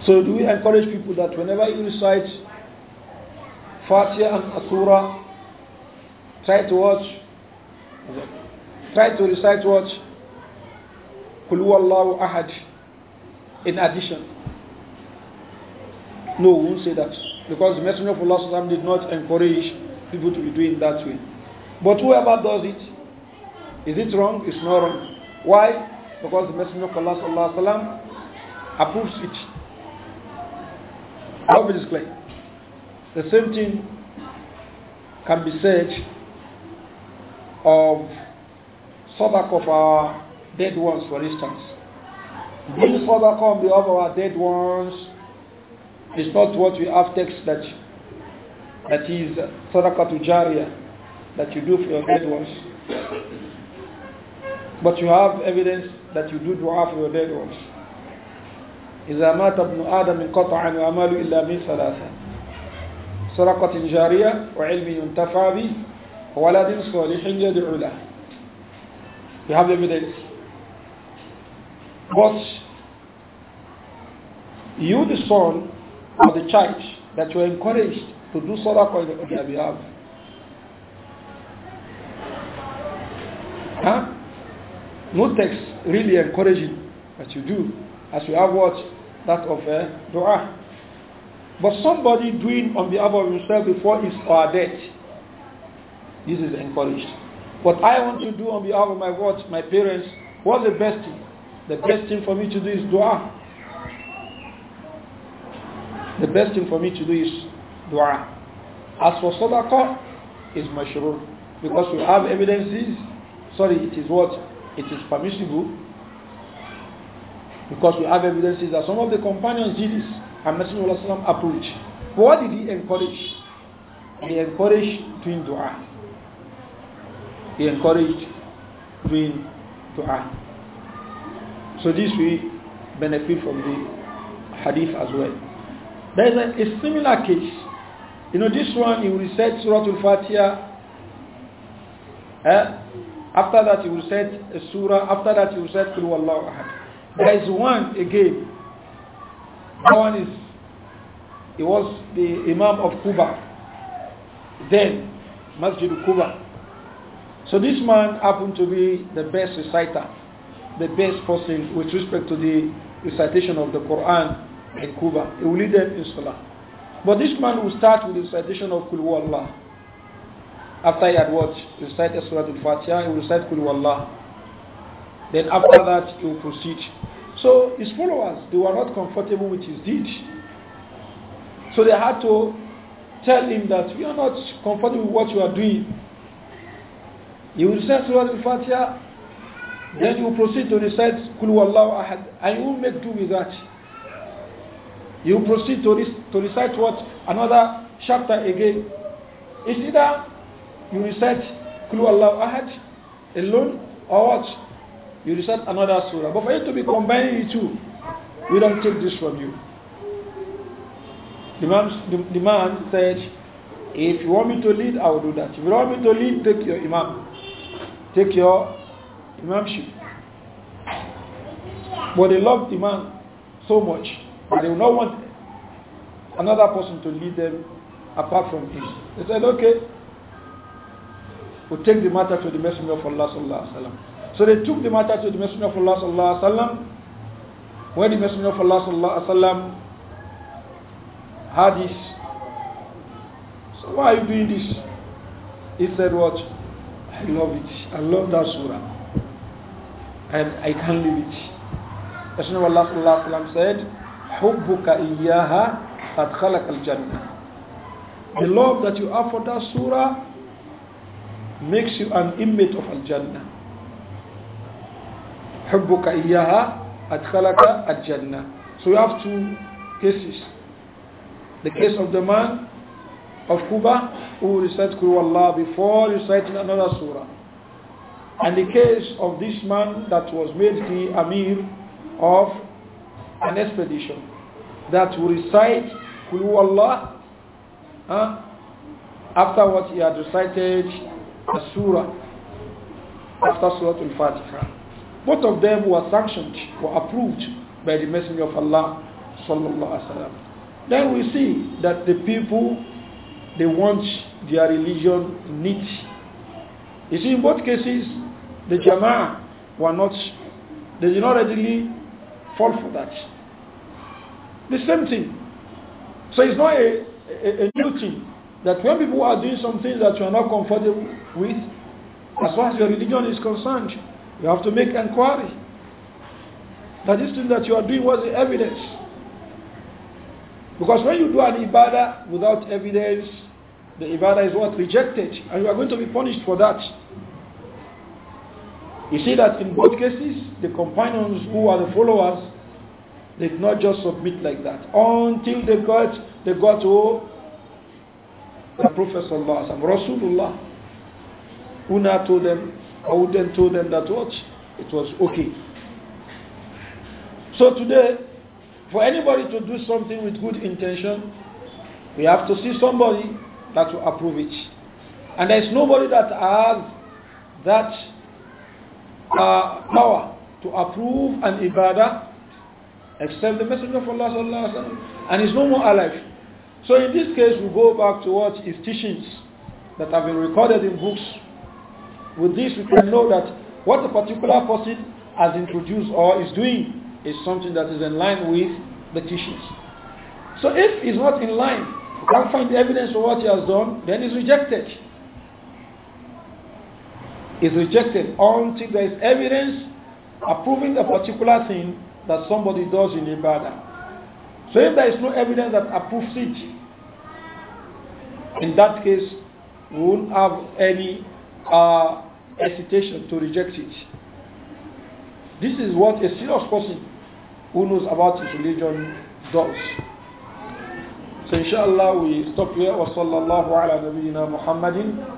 So do we encourage people that whenever you recite Fatiha and Asura, try to watch, try to recite what? Kulu Allahu Ahad in addition. No, we won't say that. Because the Messenger of Allah did not encourage people to be doing that way. But whoever does it, is it wrong? It's not wrong. Why? Because the Messenger of Allah approves it. How will The same thing can be said of sadaqah of our dead ones, for instance. Being sadaqah on behalf of our dead ones is not what we have text that that is sadaqah to jariyah that you do for your dead ones. But you have evidence that you do dua for your dead ones. إذا مات ابن آدم انقطع عن عمله إلا من ثلاثة صدقة جارية وعلم ينتفع به وولد صالح يدعو له. You have evidence. But you, the son or the child, that you are encouraged to do sadaqah on their behalf. Huh? No text really encouraging that you do, as you have what that of uh, dua. But somebody doing on behalf of himself before his or her death, this is encouraged. What I want to do on behalf of my watch, my parents, what's the best thing? The best thing for me to do is dua. The best thing for me to do is dua. As for sadaqah, is mashrur. Because we have evidences, sorry, it is what? It is permissible. Because we have evidences that some of the companions did this and Messenger of Allah approved. But what did he encourage? He encouraged doing dua. He encouraged doing dua. So this we benefit from the hadith as well. There is a, a similar case. You know, this one he will recite Surah Al-Fatiha. Eh? After that he will recite a surah. After that he will recite through Allah. There is one again. That one is, he was the Imam of Kuba. Then, Masjid Kuba. So this man happened to be the best reciter the best person with respect to the recitation of the Quran in Cuba. He will lead them in Salah. But this man will start with the recitation of Kul Allah. After he had watched the Surah Al-Fatiha, he will recite Kul Allah. Then after that, he will proceed. So his followers, they were not comfortable with his deed. So they had to tell him that we are not comfortable with what you are doing. He will recite Surah Al-Fatiha, then you proceed to recite Kul Wallahu Ahad, and you will make do with that. You proceed to, to recite what? Another chapter again. It's either you recite Kul Wallahu Ahad alone, or what? You recite another surah. But for you to be combining the two, we don't take this from you. The man, the, the man said, if you want me to lead, I will do that. If you want me to lead, take your imam. Take your imamship. But they love the man so much that they do not want another person to lead them apart from him. They said, okay, we'll take the matter to the Messenger of Allah sallallahu alaihi wasallam. So they took the matter to the Messenger of Allah sallallahu alaihi wasallam. When the Messenger of Allah sallallahu alaihi wasallam had this, so why are you doing this? He said, what? I love it. I love that surah and I can't leave it. Messenger of Allah sallam, said, Hubbuka iyaha qad khalaq jannah. The love that you have for that surah makes you an inmate of al jannah. Hubbuka iyaha qad khalaq al jannah. So you have two cases. The case of the man of Kuba who recited Qur'an before reciting another surah. And the case of this man that was made the Amir of an expedition that would recite Kulu Allah huh? after what he had recited a surah after Surah Al-Fatiha. Both of them were sanctioned, were approved by the Messenger of Allah sallallahu alaihi wasallam. Then we see that the people they want their religion neat. You see, in both cases, the Jama'ah were not, they did not readily fall for that. The same thing. So it's not a, a, a new thing that when people are doing some things that you are not comfortable with, as far as your religion is concerned, you have to make inquiry. That this thing that you are doing was the evidence. Because when you do an ibadah without evidence, the ibadah is what? Rejected. And you are going to be punished for that. You see that in both cases, the companions who are the followers they did not just submit like that until they got they got to the Prophet Sallallahu Rasulullah who now told them or who then told them that what it was okay. So today, for anybody to do something with good intention, we have to see somebody that will approve it. And there is nobody that has that uh, power to approve an ibadah except the Messenger of Allah and he's no more alive. So in this case, we go back to what his teachings that have been recorded in books. With this, we can know that what a particular person has introduced or is doing is something that is in line with the teachings. So if it's not in line, can't find evidence for what he has done, then it's rejected is rejected until there is evidence approving the particular thing that somebody does in Ibadah. So if there is no evidence that approves it, in that case, we won't have any uh, hesitation to reject it. This is what a serious person who knows about his religion does. So inshallah we stop here. وصلى الله على نبينا محمد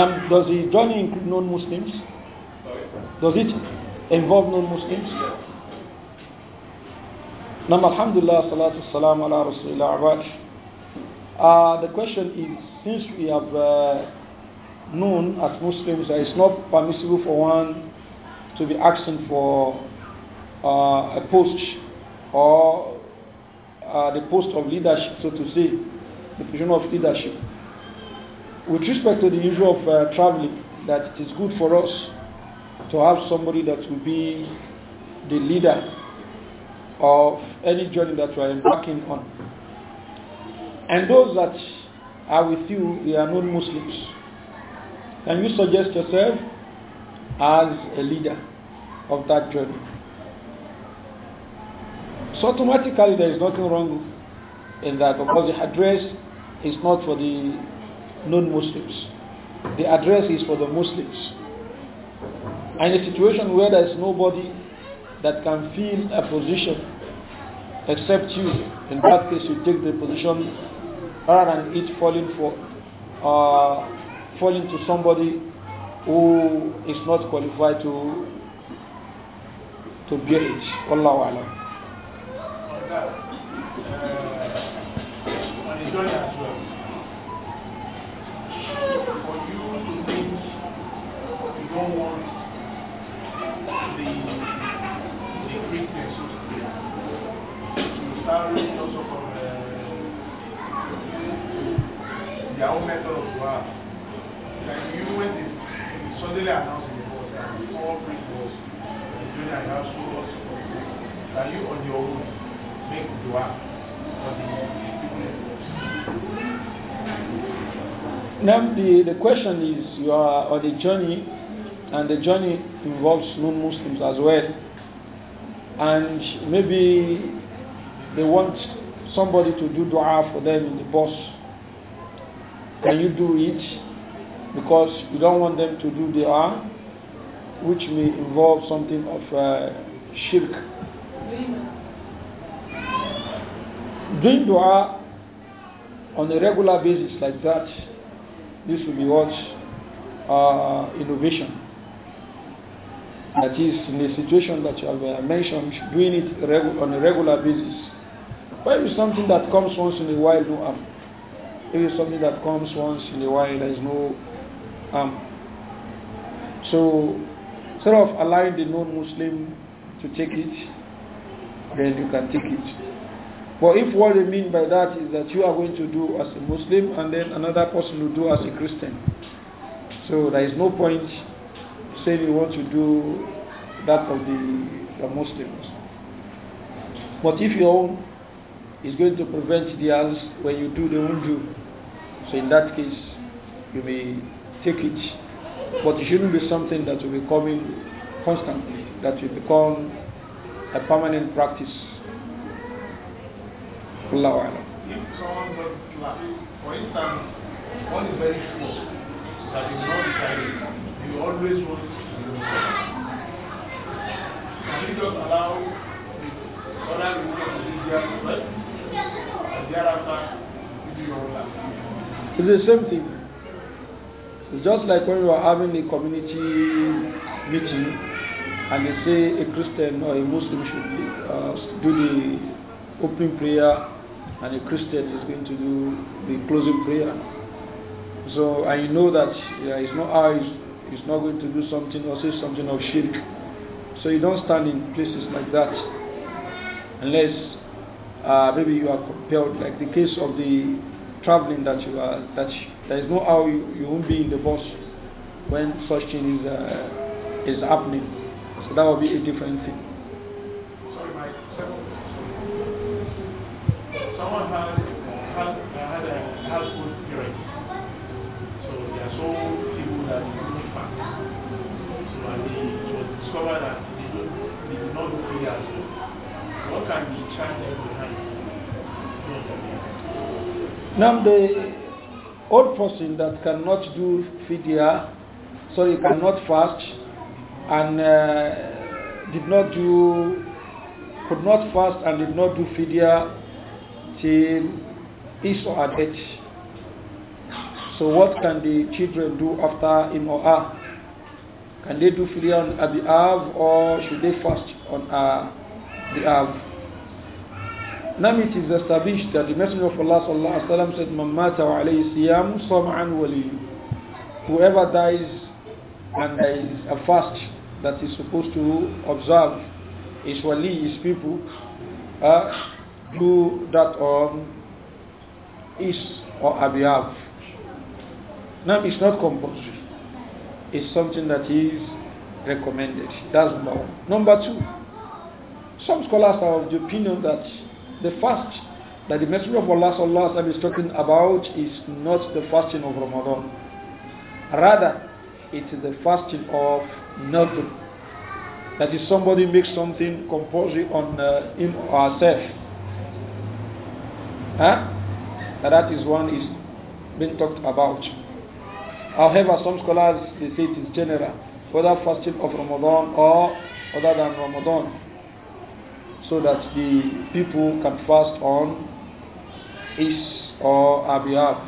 Now, does the journey include non-Muslims? Does it involve non-Muslims? Now, alhamdulillah, salatu salam ala rasulillah uh, The question is, since we have uh, known as Muslims that it's not permissible for one to be asking for uh, a post or uh, the post of leadership, so to say, the position of leadership with respect to the issue of uh, traveling, that it is good for us to have somebody that will be the leader of any journey that we are embarking on. And those that are with you, they are non-Muslims. Can you suggest yourself as a leader of that journey? So automatically there is nothing wrong in that because the address is not for the non-Muslims. The address is for the Muslims. in a situation where there is nobody that can fill a position except you, in that case you take the position rather than it falling for uh, falling to somebody who is not qualified to to bear it. Allahu alam. Uh, uh for you to think you the greatness to start reading also from the, their own method you when they suddenly announce the board that all great was doing also for that you on your own make dua for Now the, the question is you are on a journey and the journey involves non-Muslims as well. And maybe they want somebody to do dua for them in the bus. Can you do it? Because you don't want them to do dua, which may involve something of uh, shirk. Doing dua on a regular basis like that this will be what? Uh, innovation. That is, in the situation that you have uh, mentioned, doing it on a regular basis. But if it's something that comes once in a while, no harm. If it's something that comes once in a while, there is no harm. So, instead of allowing the non-Muslim to take it, then you can take it. But if what they mean by that is that you are going to do as a Muslim and then another person will do as a Christian, so there is no point saying you want to do that of the, the Muslims. But if your own is going to prevent the others when you do, they won't do. So in that case, you may take it. But it shouldn't be something that will be coming constantly, that will become a permanent practice Allah Alam. If someone for instance, one is very small, that is not decided, you always want to Can you just allow other to do their you do It's the same thing. It's just like when we are having a community meeting and they say a Christian or a Muslim should uh, do the opening prayer and a Christian is going to do the closing prayer. So I know that yeah, it's not how ah, he's, not going to do something or say something of shirk. So you don't stand in places like that unless uh, maybe you are compelled, like the case of the traveling that you are, that there is no how you, you won't be in the bus when such thing is, uh, is happening. So that will be a different thing. someone has, has, a so they are so people that they don't fast. So and they discovered that they, don't, they do not as well. What can be changed behind? Now the old person that cannot do fidya, sorry, cannot fast and uh, did not do, could not fast and did not do fidya is his or her So what can the children do after him or her? Can they do filia on her behalf or should they fast on the behalf? Now it is established that the Messenger of Allah sallallahu alaihi wasallam said, "Mamata wa alayhi siyam sam'an wali. Whoever dies and there is a fast that is supposed to observe his wali, his people, uh, do that on his or her behalf. Now, it's not compulsory. It's something that is recommended. That's number one. Number two, some scholars are of the opinion that the fast that the Messenger of Allah sallallahu alaihi is talking about is not the fasting of Ramadan. Rather, it is the fasting of nothing. That is, somebody makes something compulsory on uh, him or herself Huh? Now that is one is being talked about. However, some scholars they say it is general, whether fasting of Ramadan or other than Ramadan, so that the people can fast on his or our behalf.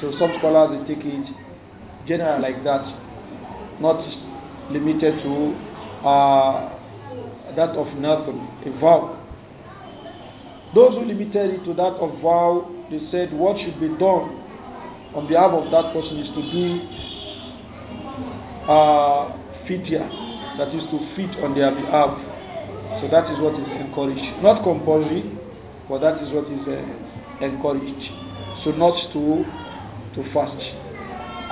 So some scholars they take it general like that, not limited to uh, that of nothing, a vow. Those who limited it to that of vow, they said what should be done on behalf of that person is to do uh, fitya, that is to fit on their behalf. So that is what is encouraged. Not compulsory, but that is what is uh, encouraged. So not to to fast.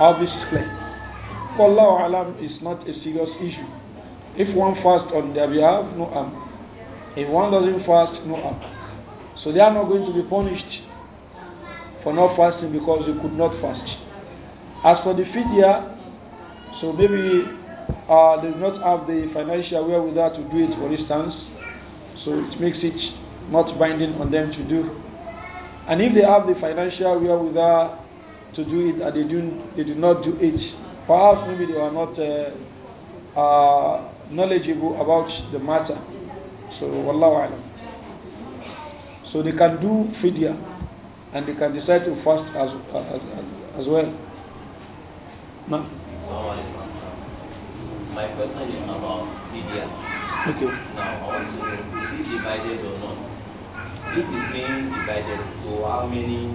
All this is clear. Allah alam is not a serious issue. If one fasts on their behalf, no harm. If one doesn't fast, no harm. So they are not going to be punished for not fasting because they could not fast. As for the fidya, so maybe uh, they do not have the financial wherewithal to do it, for instance. So it makes it not binding on them to do. And if they have the financial wherewithal to do it and they do, they do not do it, perhaps maybe they are not uh, uh, knowledgeable about the matter. So, Wallahu Alam. So they can do fidya and they can decide to fast as, as, as, as well. No? My question is about fidya. Okay. Now, I want to is it divided or not? If it's being divided, so how many?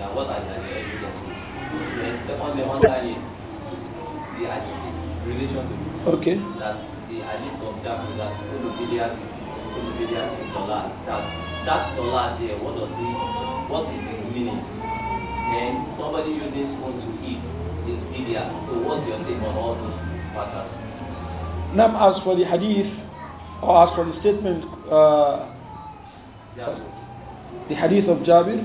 Now, what are the evidences? And second, the one that is the relation to okay. that the hadith of that, that all is the last. that dollar there, what does it, what is its meaning? And somebody using spoon to eat is media. So what's your take on all those matters? Now, as for the hadith, or as for the statement, uh, the hadith of Jabir,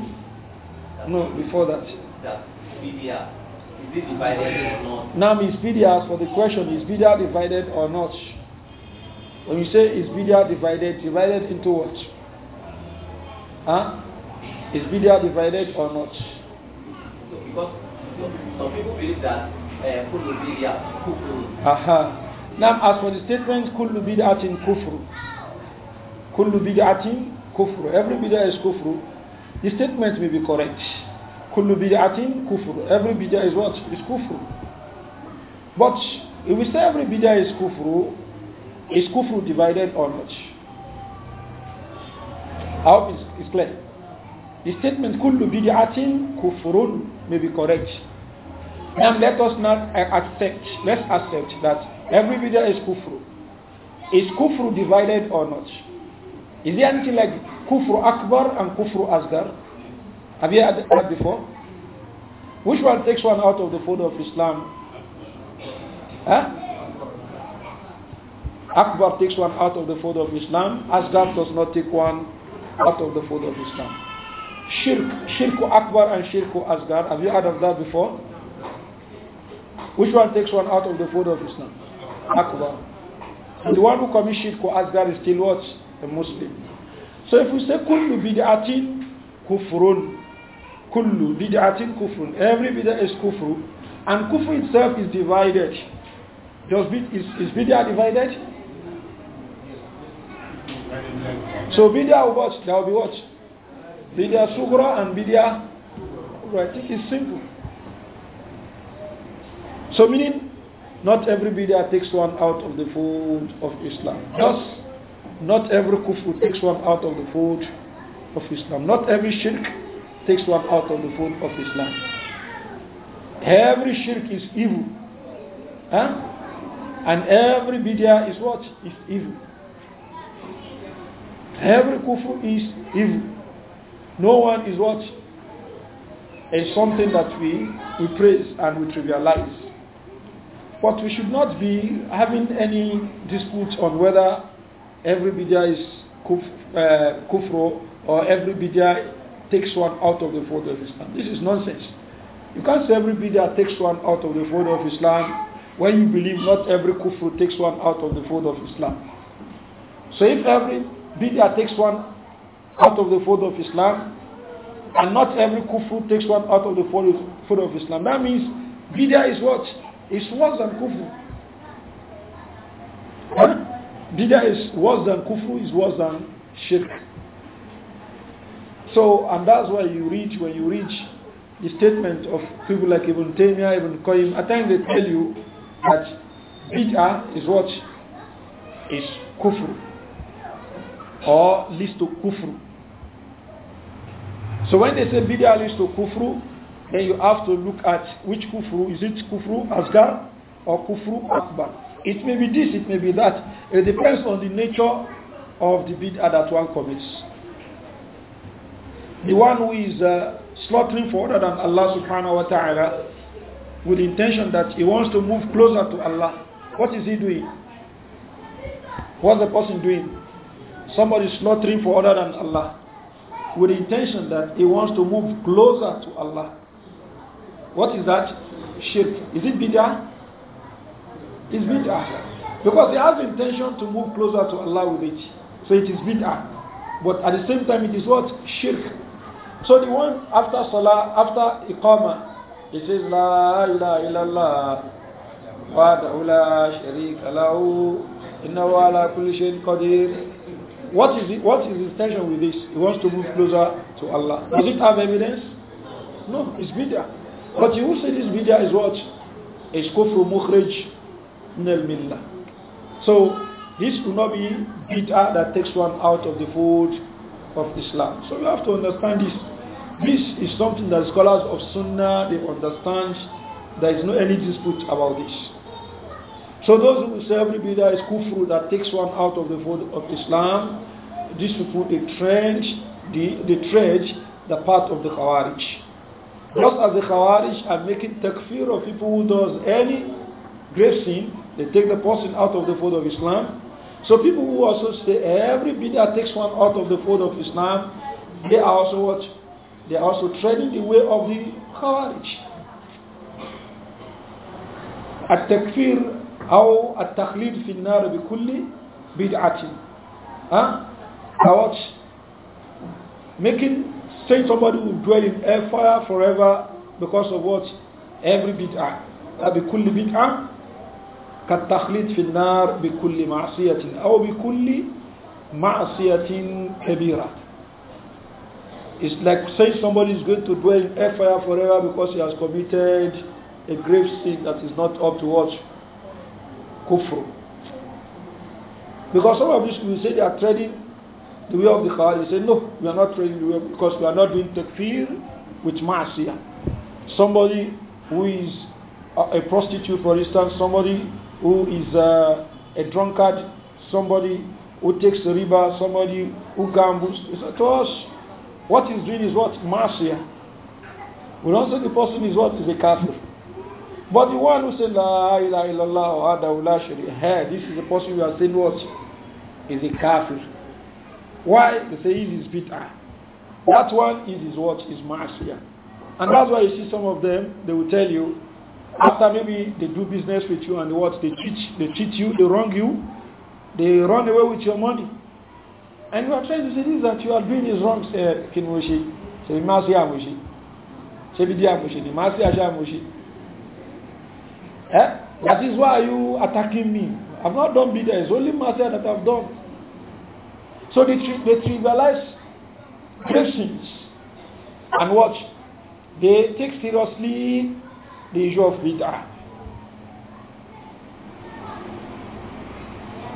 no, before that. That media. Is it divided or not? Now, is media, as for the question, is media divided or not? When you say is media divided, divided into what? Huh? Is video divided or not? So because some people believe that uh, kullu bid'ah kufru. Aha. Now as for the statement kullu bid'atin kufru. Kullu bid'atin kufru. Every bid'ah is kufru. The statement may be correct. Kullu bid'atin kufru. Every bid'ah is what? Is kufru. But if we say every bid'ah is kufru, is kufru divided or not? I hope it's, it's clear. The statement kullu bid'atin kufrun may be correct. And let us not accept, let's accept that every video is kufru. Is kufru divided or not? Is there anything like kufru akbar and kufru asgar? Have you heard that before? Which one takes one out of the fold of Islam? Huh? Akbar takes one out of the fold of Islam. Asgar does not take one out of the fold of Islam. Shirk, Shirku Akbar and Shirku Asgar. Have you heard of that before? Which one takes one out of the fold of Islam? Akbar. And the one who commits Shirku Asgar is still what? A Muslim. So if we say kullu bid'atin kufrun, kullu bid'atin kufrun, every bid'ah is kufru, and kufru itself is divided. Does bid, is, is bid'ah divided? So bidya will watch, there will be what? Bidya sugra and bidya. Right, it is simple. So meaning, not every bidya takes one out of the fold of Islam. Thus, not every Kufu takes one out of the fold of Islam. Not every shirk takes one out of the fold of Islam. Every shirk is evil. Huh? And every bidya is what? Is evil. Every kufr is evil. No one is what? It's something that we, we praise and we trivialize. But we should not be having any dispute on whether every bidya is kuf, uh, kufro or every bidya takes one out of the fold of Islam. This is nonsense. You can't say every bidya takes one out of the fold of Islam when you believe not every kufru takes one out of the fold of Islam. So if every bid'ah takes one out of the fold of Islam, and not every kufr takes one out of the fold of Islam. That means bid'ah is what is worse than kufr. Bid'ah is worse than kufr, is worse than shirk. So, and that's why you reach when you reach the statement of people like Ibn Taymiyyah, Ibn Qayyim. At times they tell you that bid'ah is what is kufr or leads to kufru. So when they say bid'ah leads to kufru, then you have to look at which kufru. Is it kufru asgar or kufru akbar? It may be this, it may be that. It depends on the nature of the bid'ah that one commits. The one who is uh, slaughtering for other than Allah subhanahu wa ta'ala with the intention that he wants to move closer to Allah. What is he doing? What's the person doing? somebody slaughtering for other than Allah with the intention that he wants to move closer to Allah. What is that? Shirk. Is it bid'ah? It's bid'ah. Because he has the intention to move closer to Allah with it. So it is bid'ah. But at the same time, it is what? Shirk. So the one after Salah, after Iqamah, he says, La ilaha illallah. wa لا شريك له إنه على كل شيء قدير what is, the, what is his intention with this? He wants to move closer to Allah. Does it have evidence? No, it's bid'ah. But you will say this bid'ah is what? Is kufru mukhrij nil So this will not be bid'ah that takes one out of the fold of Islam. So you have to understand this. This is something that scholars of Sunnah, they understand. There is no any dispute about this. So those who say every bidah is kufru that takes one out of the fold of Islam, these people they trench, the the trench the path of the Khawarij. Just as the Khawarij are making takfir of people who does any grave sin, they take the person out of the fold of Islam. So people who also say every bidah takes one out of the fold of Islam, they are also what? They are also treading the way of the Khawarij. At takfir أو التخليد في النار بكل بدعة huh? Or making say somebody will dwell in air fire forever because of what every bid'ah بكل بدعة كالتخليد في النار بكل معصية أو بكل معصية كبيرة It's like saying somebody is going to dwell in air fire forever because he has committed a grave sin that is not up to watch kufr. Because some of these people say they are treading the way of the Khawarij. They say, no, we are not treading the way of, because we are not doing takfir with ma'asiyah. Somebody who is a, a, prostitute, for instance, somebody who is a drunkard, somebody who takes the riba, somebody who gambles. It's not to us. What he's doing is what? Ma'asiyah. We don't say the person is what? Is a kafir. But the one who said, La ilaha illallah wa shariha, eh, this is the person you are saying what? Is a kafir. Why? They say it is bitter. That one is his what? Is ma'asiyah. And that's why you see some of them, they will tell you, after maybe they do business with you and what? They cheat, they cheat you, they wrong you, they run away with your money. And you are trying to say this that you are doing is wrong, eh, Kinwoshi. Say, Masiya Mushi. Say, Bidia Mushi. Masiya Mushi. Eh? That is why you attacking me. I've not done bidah. It's only matter that I've done. So they, tri they trivialize Christians and watch. They take seriously the issue of bidah.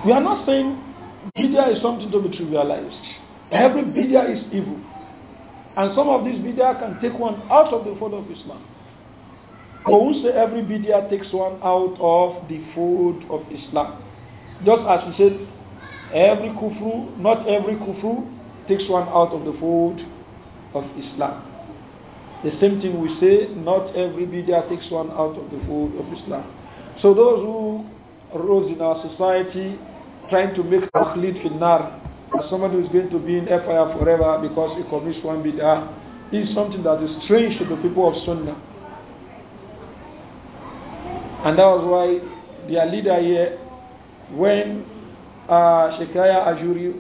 We are not saying bidah is something to be trivialized. Every bidah is evil. And some of these bidah can take one out of the fold of Islam. But we say every bid'ah takes one out of the fold of Islam. Just as we said, every kufru, not every kufru takes one out of the fold of Islam. The same thing we say, not every bid'ah takes one out of the fold of Islam. So those who rose in our society trying to make takhlid finnar, someone who is going to be in fire forever because he commits one bid'ah, is something that is strange to the people of Sunnah. And that was why their leader here, when uh, Shekaya Ajuri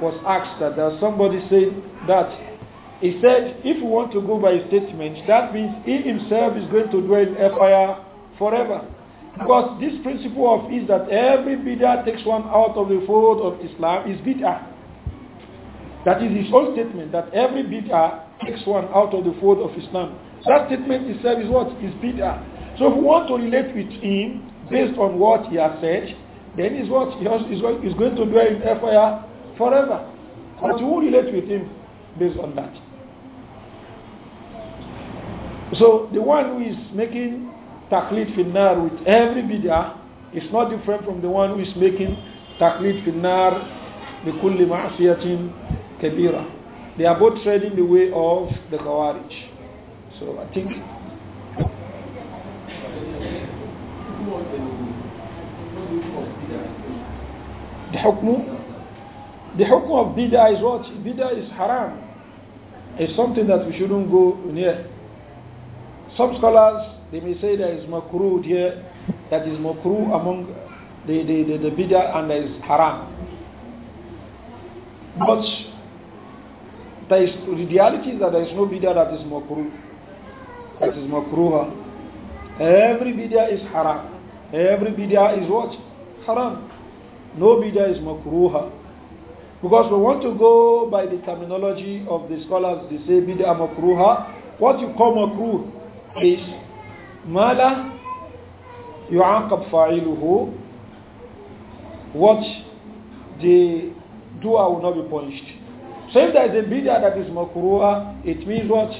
was asked that, that somebody said that, he said, if you want to go by his statement, that means he himself is going to dwell in fire forever. Because this principle of is that every bid'ah takes one out of the fold of Islam is bid'ah. That is his own statement that every bid'ah takes one out of the fold of Islam. That statement itself is what? Is bid'ah. So if we want to relate with him based on what he has said, then is what he is going to dwell in fire forever. But you will relate with him based on that. So the one who is making taklid finar with every bid'ah is not different from the one who is making taklid the kulli ma'asiyatin kabira. They are both treading the way of the Khawarij. So I think The hukm? The hukm of bid'ah is what? Bid'ah is haram. It's something that we shouldn't go near. Some scholars, they may say there is makruh here, that is makruh among the, the, the, the bid'ah and there is haram. But there is, the reality is that there is no bid'ah that is makruh. That is makruha. Every bid'ah is haram. Every bid'ah is what? Haram. No bid'ah is makruha. Because we want to go by the terminology of the scholars, they say bid'ah makruha. What you call makruh is mala yu'aqab fa'iluhu. What the dua will not be punished. So if there is a bid'ah that is makruha, it means what?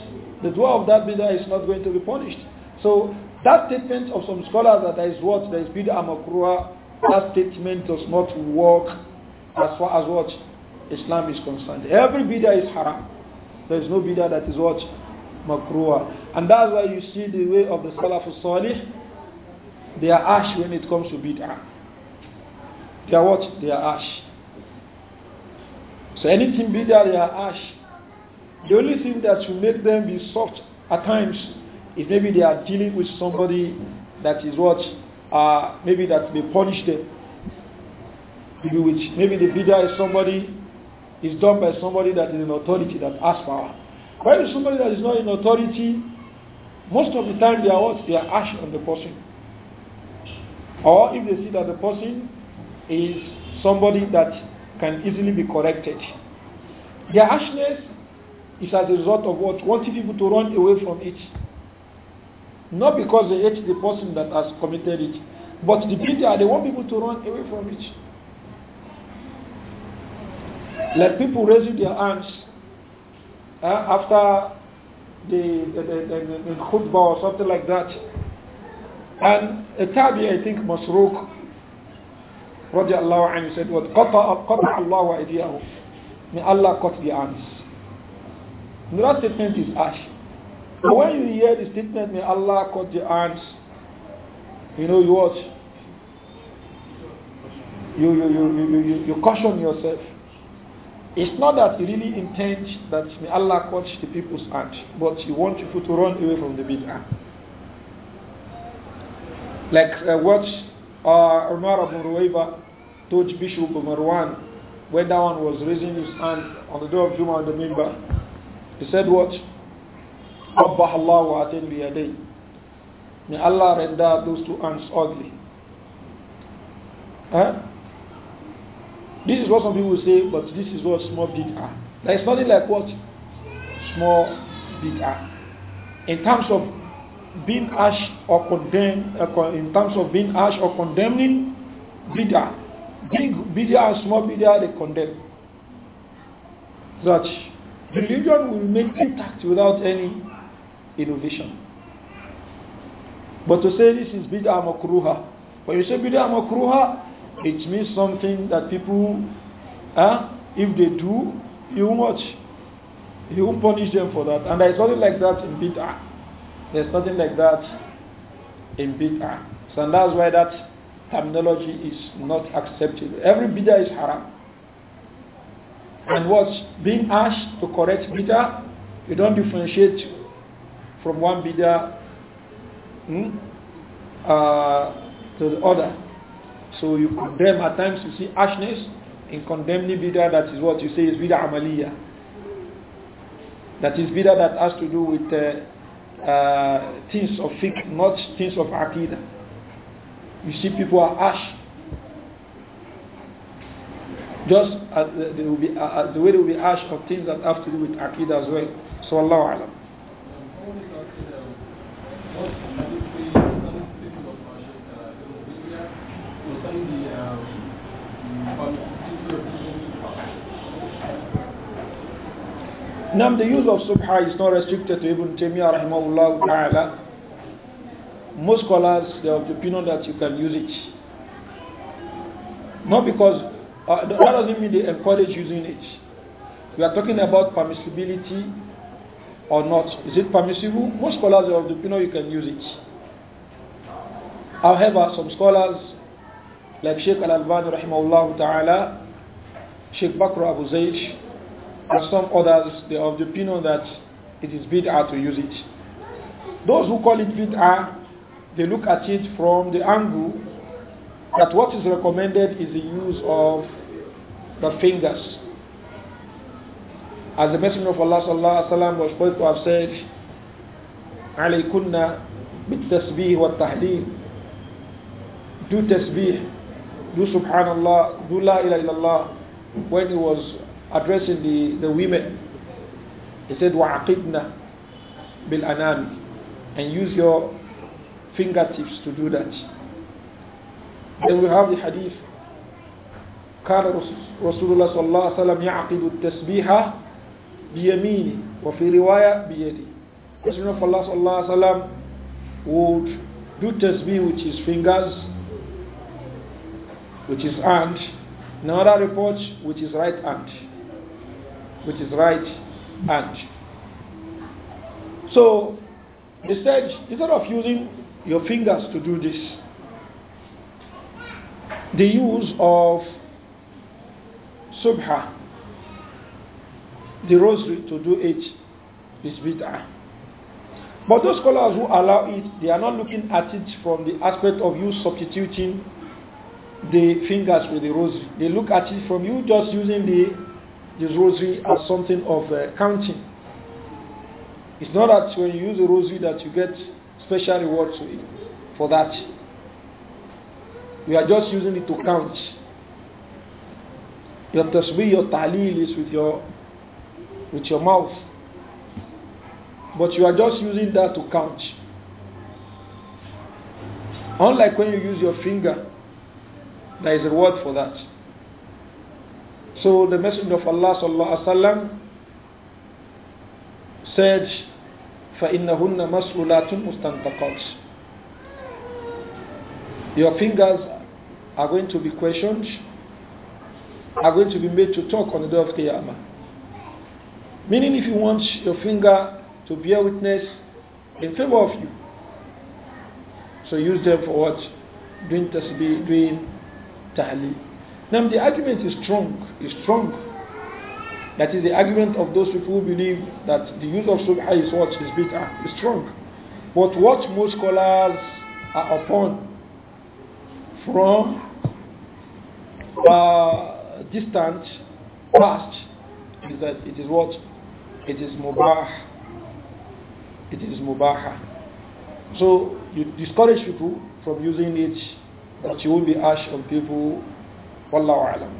The dua of that bid'ah is not going to be punished. So that statement of some scholars that is what the bid'ah makruha, that statement does not work as far as what Islam is concerned. Every bid'ah is haram. There is no bid'ah that is what makruha, and that's why you see the way of the Salafus Salih. They are ash when it comes to bid'ah. They are what? They are ash. So anything bid'ah, they are ash. The only thing that should make them be soft at times if maybe they are dealing with somebody that is what, uh, maybe that may punish them. Maybe, which, maybe the bidah is somebody, is done by somebody that is in authority that has power. But if somebody that is not in authority, most of the time they are what? They are ash on the person. Or if they see that the person is somebody that can easily be corrected. Their harshness is as a result of what? Wanting people to run away from it. Not because they hate the person that has committed it, but the are they want people to run away from it. Let people raise their hands uh, after the, the, the, the, khutbah or something like that. And a tabi, I think, Masruq, radiallahu anhu, said, what, قطع, قطع الله May Allah cut the hands. The last statement is ash. So when you hear the statement, may Allah cut your hands, you know you what? You, you, you, you, you, caution yourself. It's not that you really intend that may Allah cut the people's hand, but you want people to run away from the bid'ah. Like uh, what uh, Umar ibn Ruwayba told Bishop Marwan when that one was raising his hand on the day of Juma and the member. He said what? قبح الله واتين بيديه May Allah render those two hands ugly. Huh? This is what some people say, but this is what small big are. There is nothing like what small big are. In terms of being harsh or condemn, uh, in terms of being harsh or condemning bid'ah, big bid'ah and small bid'ah they condemn. That religion will make contact without any innovation. But to say this is bid'ah makruha, when you say bid'ah makruha, it means something that people, huh, eh, if they do, you watch. You won't punish them for that. And there's nothing like that in bid'ah. There's nothing like that in bid'ah. So and that's why that terminology is not acceptable. Every bid'ah is haram. And what's being asked to correct bid'ah, you don't differentiate from one bidah hmm, uh, to the other. So you condemn at times you see ashness in condemning bidah that is what you say is bidah amalia. That is bidah that has to do with uh, uh, things of fiqh, not things of aqidah. You see people are ash. Just the, uh, they will be, uh, uh, the way they will be ash of things that have to do with aqidah as well. So Allah Alam. Now the use of subha is not restricted to Ibn Taymiyyah rahimahullah ta'ala. Most scholars they have the opinion that you can use it. Not because uh, that doesn't mean they encourage using it. We are talking about permissibility or not. Is it permissible? Most scholars of the opinion you can use it. However, some scholars like Sheikh Al Albani rahimahullah ta'ala, Sheikh Bakr Abu Zayd, and some others, they are of the opinion that it is bid'ah to use it. Those who call it bid'ah, they look at it from the angle that what is recommended is the use of the fingers. As the Messenger of Allah sallallahu alaihi wasallam was supposed to have said, "Alaykunna wa والتحليل." Do tasbih, do subhanallah, do la ilaha illallah. When he was addressing the, the women. He said, bil anam, And use your fingertips to do that. Then we have the hadith. كان رسول الله صلى الله عليه وسلم يعقد التسبيح بيمينه وفي رواية بيده. Messenger of Allah صلى الله عليه وسلم would do tasbih with his fingers, with his hand. another report, with his right hand with his right hand. So they said, instead of using your fingers to do this, the use of subha, the rosary to do it, is bid'ah. But those scholars who allow it, they are not looking at it from the aspect of you substituting the fingers with the rosary. They look at it from you just using the the rosary as something of uh, counting. It's not that when you use the rosary that you get special reward for that. We are just using it to count. Your tasbih, your talil is with your with your mouth. But you are just using that to count. Unlike when you use your finger, there is a reward for that. So the Messenger of Allah sallallahu alaihi wasallam said, فَإِنَّهُنَّ مَسْئُولَاتٌ مُسْتَنْتَقَاتٌ Your fingers are going to be questioned, are going to be made to talk on the day of Qiyamah. Meaning if you want your finger to bear witness in favor of you, so use them for what? Doing tasbih, doing tahleel. Now the argument is strong, is strong. That is the argument of those people who believe that the use of subha is what is bid'ah, is strong. But what most scholars are upon from uh, distant past is that it is what? It is mubah. It is mubah. So you discourage people from using it, but you will be ash on people Wallahu alam.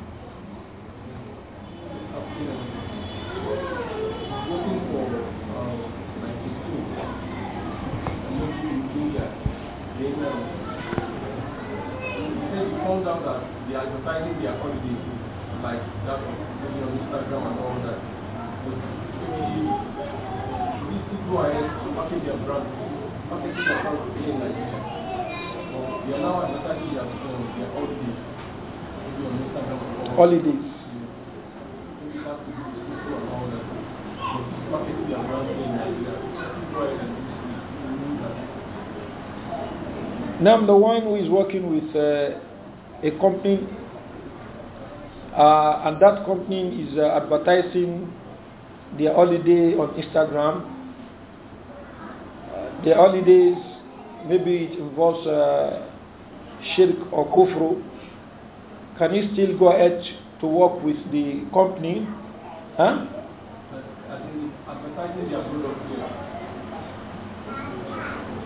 found out they are advertising their like that maybe on Instagram and all that. marketing their brand, marketing their they are now advertising their, uh, their holidays. Now, I'm the one who is working with uh, a company, uh, and that company is uh, advertising their holiday on Instagram. Uh, their holidays, maybe it involves uh, shirk or kufru, can he still go ahead to work with the company? Huh?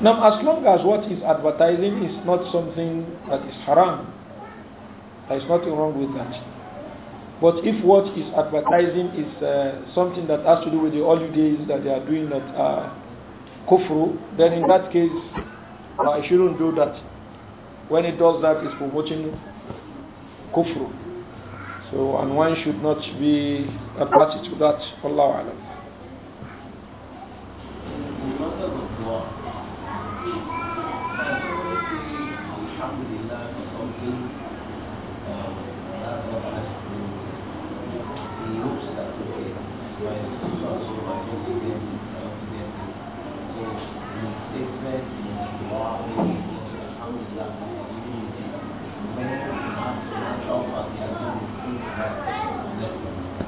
Now, as long as what is advertising is not something that is haram, there is nothing wrong with that. But if what is advertising is uh, something that has to do with the holidays that they are doing at uh, kufru, then in that case, I shouldn't do that. When it does that, it's promoting kufru. So, and one should not be attached to that. Allahu Alam.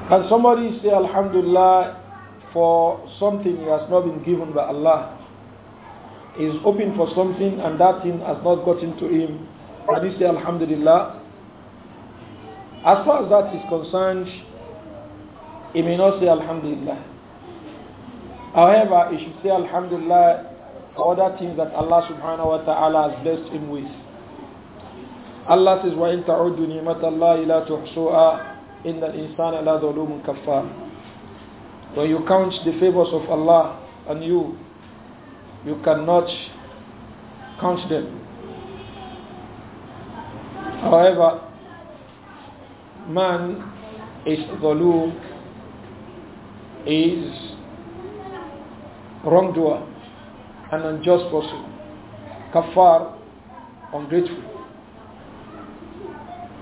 Can somebody say Alhamdulillah for something he has not been given by Allah? He is hoping for something and that thing has not gotten to him. Can he say Alhamdulillah? As far as that is concerned, he may not say Alhamdulillah. However, he should say Alhamdulillah for other things that Allah subhanahu wa ta'ala has blessed him with. Allah says, وَإِن تَعُدُّ نِعْمَةَ اللَّهِ لَا تُحْصُوهَا إِنَّ الْإِنسَانَ لَا ظَلُومٌ كَفَّارٌ When you count the favors of Allah on you, you cannot count them. However, man is ظَلُوم, is wrongdoer, and unjust person, kafar, ungrateful.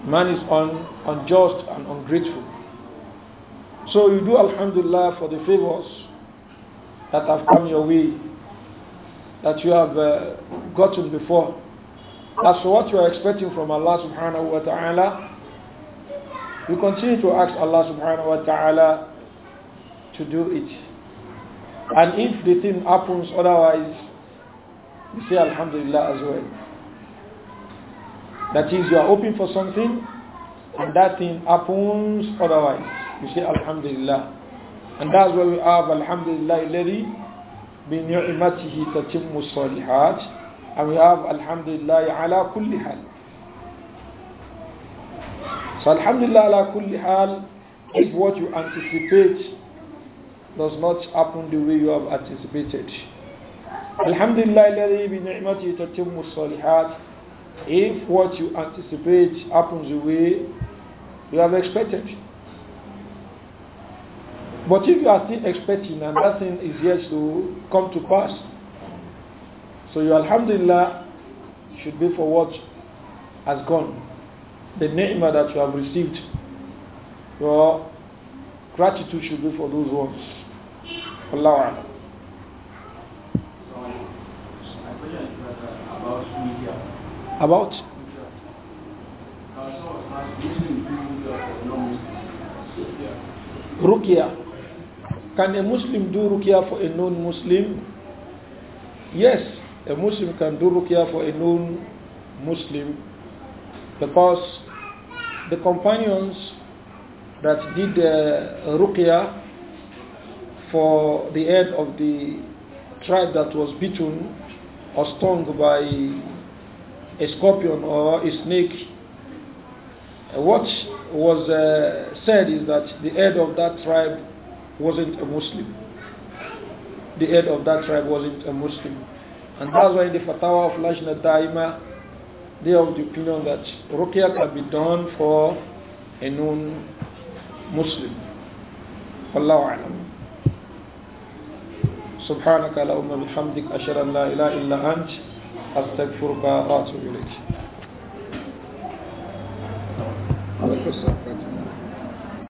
Man is un, unjust and ungrateful. So you do Alhamdulillah for the favors that have come your way, that you have uh, gotten before. As for what you are expecting from Allah subhanahu wa ta'ala, you continue to ask Allah subhanahu wa ta'ala to do it. And if the thing happens otherwise, you say Alhamdulillah as well. That is, you are hoping for something and that thing happens otherwise. You say Alhamdulillah. And that's why we have Alhamdulillah bin بِنِعْمَتِهِ تَتِمُّ salihat, And we have Alhamdulillah ala kulli hal. So Alhamdulillah ala kulli hal is what you anticipate does not happen the way you have anticipated. Alhamdulillah alladhi bin ni'matihi tatimmu salihat if what you anticipate happens the way you have expected. But if you are still expecting and nothing is yet to come to pass, so your Alhamdulillah should be for what has gone, the ni'mah that you have received. Your gratitude should be for those ones. Allah. So, my question is about about? Rukia. Can a Muslim do rukia for a non Muslim? Yes, a Muslim can do rukia for a non Muslim because the companions that did uh, rukia for the head of the tribe that was beaten or stung by a scorpion or a snake. What was uh, said is that the head of that tribe wasn't a Muslim. The head of that tribe wasn't a Muslim. And that's why in the fatwa of Lajna Daima, they have the opinion that Ruqya can be done for a non Muslim. Wallahu alam. Subhanaka اللهم بحمدك أشهد أستغفرك وأتوب إليك